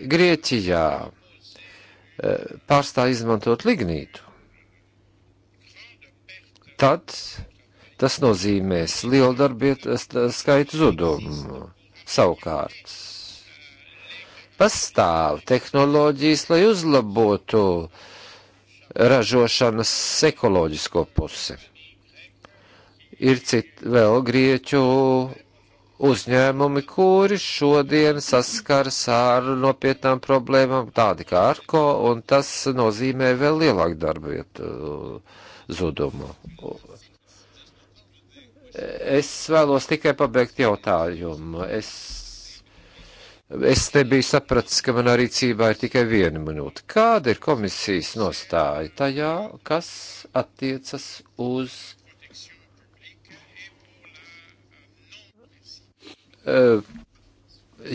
Grieķijā pārstāja izmantot lignītu, tad tas nozīmēs lielu darbiet skaitu zudumu. Savukārt, pastāv tehnoloģijas, lai uzlabotu ražošanas ekoloģisko pusi. Ir cit, vēl grieķu uzņēmumi, kuri šodien saskaras ar nopietnām problēmām, tādi kā ARCO, un tas nozīmē vēl lielāku darba vietu uh, zudumu. Es vēlos tikai pabeigt jautājumu. Es, es nebiju sapratis, ka manā rīcībā ir tikai viena minūte. Kāda ir komisijas nostāja tajā, kas attiecas uz Eh,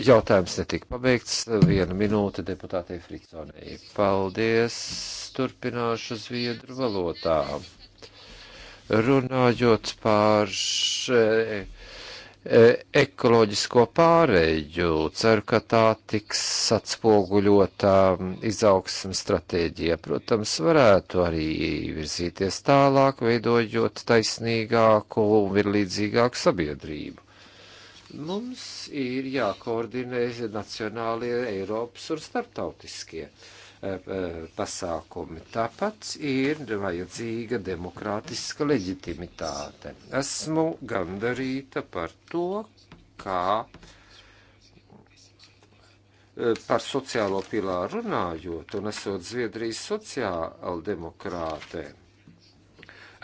jautājums netika pabeigts. Viena minūte deputātei Friksonei. Paldies. Turpināšu zviedru valodā. Runājot par e, ekoloģisko pārēju, ceru, ka tā tiks atspoguļota mm, izaugsmas stratēģija. Protams, varētu arī virzīties tālāk, veidojot taisnīgāku un virlīdzīgāku sabiedrību Mums ir jākoordinē nacionālie, Eiropas un starptautiskie eh, eh, pasākumi. Tāpat ir vajadzīga demokrātiska leģitimitāte. Esmu gandarīta par to, kā eh, par sociālo pilāru runājot un esot Zviedrijas sociāldemokrātē.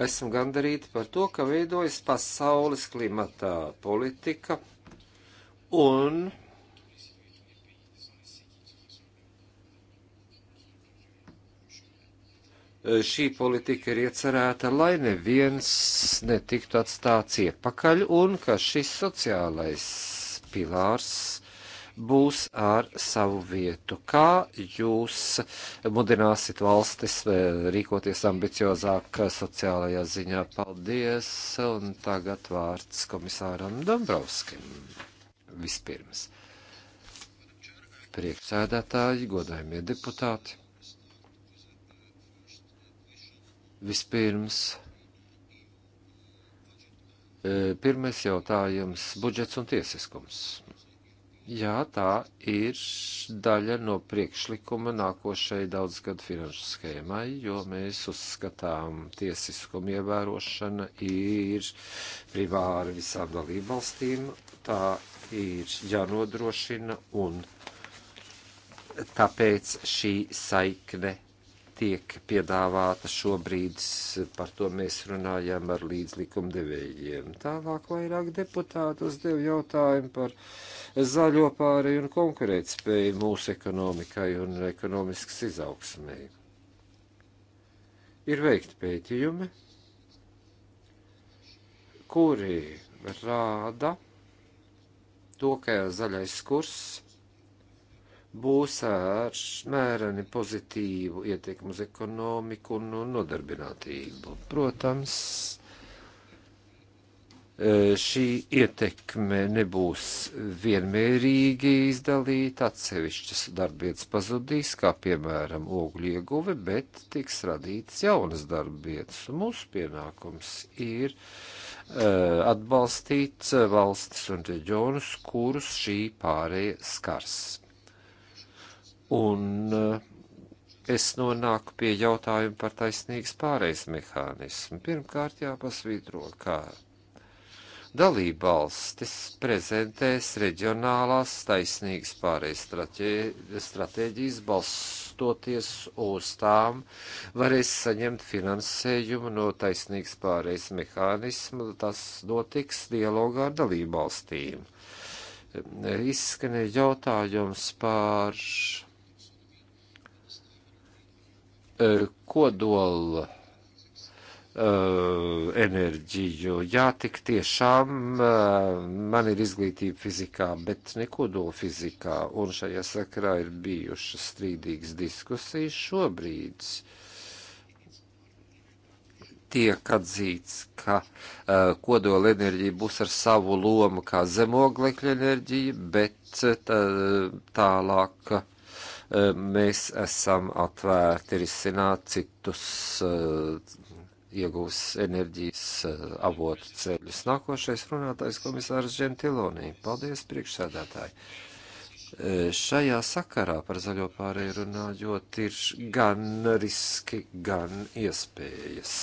Esmu gandarīta par to, ka veidojas pasaules klimatā politika un šī politika ir iecerēta, lai neviens netiktu atstāts iepakaļ un ka šis sociālais pilārs būs ar savu vietu. Kā jūs mudināsit valstis eh, rīkoties ambiciozāk sociālajā ziņā? Paldies, un tagad vārds komisāram Dombrovskim vispirms. Priekšsēdētāji, godājumie deputāti. Vispirms. E, pirmais jautājums - budžets un tiesiskums. Jā, tā ir daļa no priekšlikuma nākošai daudzgadu finanšu schēmai, jo mēs uzskatām tiesiskumu ievērošana ir privāri visām dalībvalstīm. Tā ir jānodrošina un tāpēc šī saikne tiek piedāvāta šobrīd, par to mēs runājam ar līdzlikumdevējiem. Tālāk vairāk deputātu uzdev jautājumu par zaļo pārēju un konkurētspēju mūsu ekonomikai un ekonomiskas izaugsmai. Ir veikti pētījumi, kuri rāda, to, ka zaļais kurs būs ar mēreni pozitīvu ietekmu uz ekonomiku un nodarbinātību. Protams, e, šī ietekme nebūs vienmērīgi izdalīta, atsevišķas darbietas pazudīs, kā piemēram ogļu ieguve, bet tiks radītas jaunas darbietas. Mūsu pienākums ir uh, Eh, atbalstīt eh, valstis un reģionus, kurus šī pārēja skars. Un eh, es nonāku pie jautājuma par taisnīgas pārējas mehānismu. Pirmkārt jāpasvītro, kā Dalībvalstis prezentēs reģionālās taisnīgas pārējas stratēģijas balstoties uz tām, varēs saņemt finansējumu no taisnīgas pārējas mehānisma, tas notiks dialogā ar dalībvalstīm. Izskanēja jautājums par eh, kodola Uh, enerģiju. Jā, tik tiešām uh, man ir izglītība fizikā, bet ne kodolfizikā, un šajā sakarā ir bijušas strīdīgas diskusijas šobrīd. Tiek atzīts, ka uh, kodola enerģija būs ar savu lomu kā zemoglekļa enerģija, bet tā, uh, tālāk uh, mēs esam atvērti risināt citus uh, iegūs enerģijas eh, avotu ceļus. Nākošais runātais komisārs Gentilonī. Paldies, priekšsēdētāji! Eh, šajā sakarā par zaļo pārēju runājot ir gan riski, gan iespējas.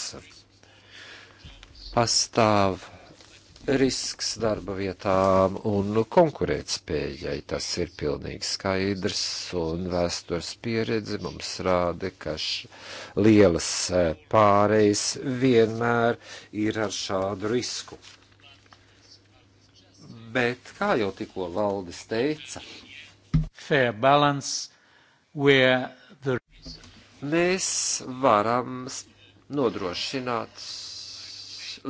Pastāv risks darba vietām un konkurētspējai. Tas ir pilnīgi skaidrs, un vēstures pieredze mums rāda, ka lielas e, pārejas vienmēr ir ar šādu risku. Bet, kā jau tikko valdis teica, fair balance where the... mēs varam nodrošināt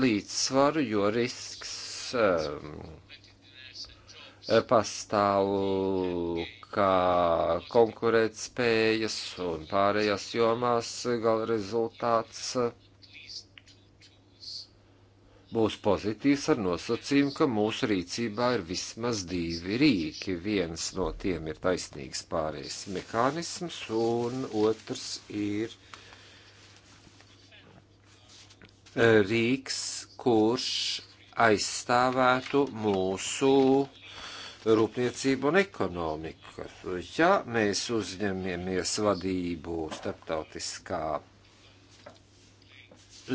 līdzsvaru, jo risks um, eh, pastāv, kā konkurēt spējas un pārējās jomās gala rezultāts eh, būs pozitīvs ar nosacījumu, ka mūsu rīcībā ir vismaz divi rīki. Viens no tiem ir taisnīgs pārējais mehānisms, un otrs ir uh, Eh, rīks, kurš aizstāvētu mūsu rūpniecību un ekonomiku. Ja mēs uzņemamies vadību starptautiskā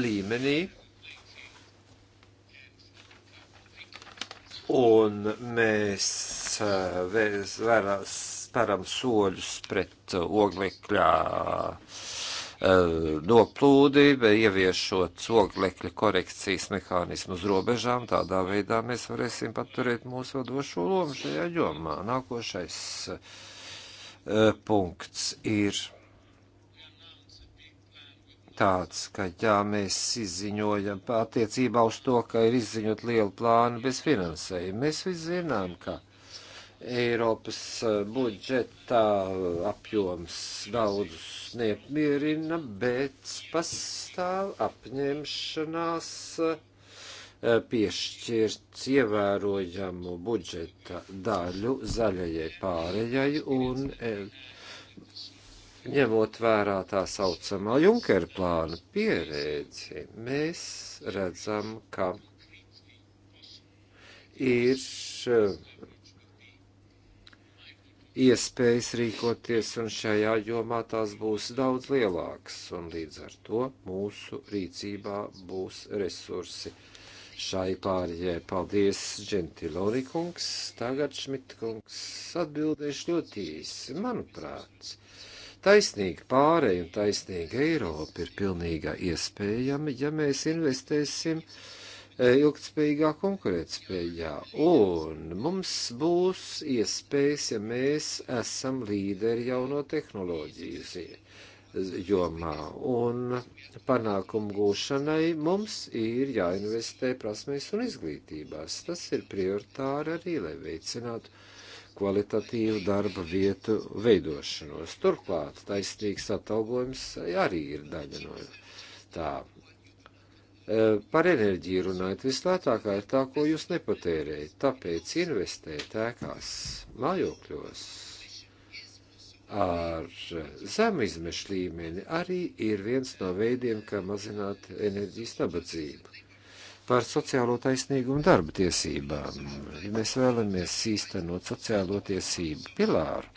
līmenī, un mēs eh, vērās param soļus pret oglekļā uh, Eh, noplūdi, ieviešot oglekļa korekcijas mehānismu uz robežām. Tādā veidā mēs varēsim paturēt mūsu vadošo lomu šajā jomā. Nākošais eh, punkts ir tāds, ka jā, mēs izziņojam attiecībā uz to, ka ir izziņot lielu plānu bez finansējuma. Mēs visi zinām, ka Eiropas eh, budžeta eh, apjoms daudzus neapmierina, bet pastāv apņemšanās eh, piešķirt ievērojamu budžeta daļu zaļajai pārējai un ņemot vērā tā saucamā Junkera plāna pieredzi, mēs redzam, ka ir iespējas rīkoties, un šajā jomā tās būs daudz lielākas, un līdz ar to mūsu rīcībā būs resursi. Šai pārējai paldies, Džentiloni kungs, tagad Šmita kungs atbildēšu ļoti īsi, manuprāt. Taisnīga pārēja un taisnīga Eiropa ir pilnīga iespējama, ja mēs investēsim uh, Eh, ilgtspējīgā konkurētspējā. Un mums būs iespējas, ja mēs esam līderi jauno tehnoloģiju jomā. Un panākumu gūšanai mums ir jāinvestē prasmēs un izglītībās. Tas ir prioritāri arī, lai veicinātu kvalitatīvu darba vietu veidošanos. Turklāt taisnīgs atalgojums arī ir daļa no tā. Eh, par enerģiju runājot, vislētākā ir tā, ko jūs nepatērējat. Tāpēc investēt ēkās, mājokļos ar zemu izmešu līmeni arī ir viens no veidiem, kā mazināt enerģijas nabadzību par sociālo taisnīgumu darba tiesībām. Ja mēs vēlamies īstenot sociālo tiesību pilāru,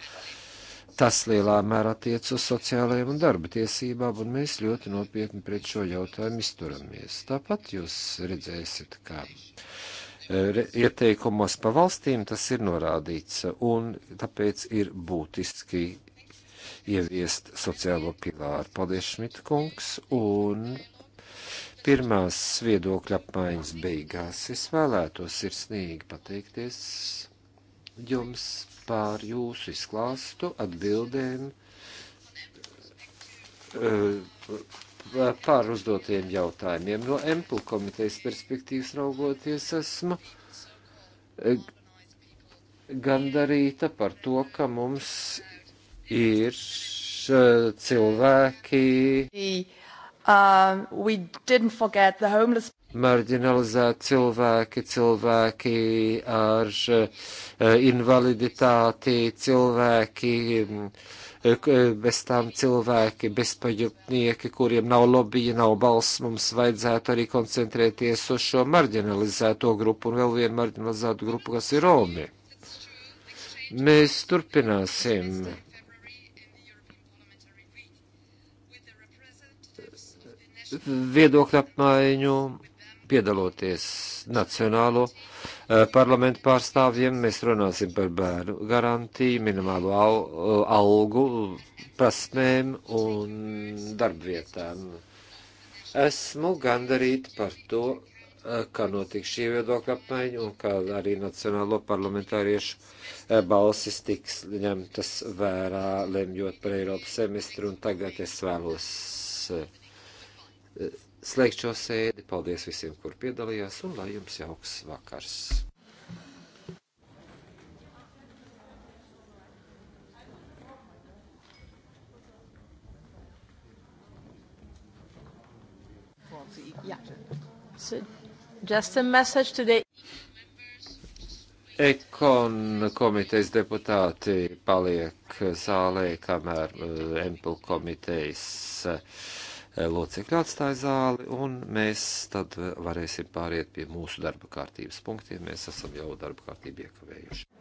Tas lielā mērā attiec uz sociālajiem un darba tiesībām, un mēs ļoti nopietni pret šo jautājumu izturamies. Tāpat jūs redzēsiet, ka e, ieteikumos pa valstīm tas ir norādīts, un tāpēc ir būtiski ieviest sociālo pilāru. Paldies, Šmita kungs, un pirmās viedokļa apmaiņas beigās es vēlētos sirsnīgi pateikties jums par jūsu izklāstu, atbildēm, eh, par uzdotiem jautājumiem. No Emplu komitejas perspektīvas raugoties esmu eh, gandarīta par to, ka mums ir eh, cilvēki. Um, we didn't forget the homeless marginalizēti cilvēki, cilvēki ar eh, invaliditāti, cilvēki, eh, eh, bez tām cilvēki, bezpajumtnieki, kuriem nav lobija, nav balss, mums vajadzētu arī koncentrēties uz šo marginalizēto grupu un vēl vienu marginalizētu grupu, kas ir Romi. Mēs turpināsim viedokļu apmaiņu piedaloties nacionālo eh, parlamentu pārstāvjiem. Mēs runāsim par bērnu garantiju, minimālo eh, algu, prasmēm un darbvietām. Esmu gandarīti par to, eh, ka notiks šī viedokļa apmaiņa un ka arī nacionālo parlamentāriešu balsis tiks ņemtas vērā, lemjot par Eiropas semestru. Un tagad es vēlos slēgt šo sēdi. Paldies visiem, kur piedalījās, un lai jums jauks vakars! Yeah. So just a message today. Ekon komitejas deputāti paliek zālē, kamēr eh, Empul komitejas uh, Eh, locekļi atstāja zāli, un mēs tad eh, varēsim pāriet pie mūsu darba kārtības punktiem. Mēs esam jau darba kārtību iekavējuši.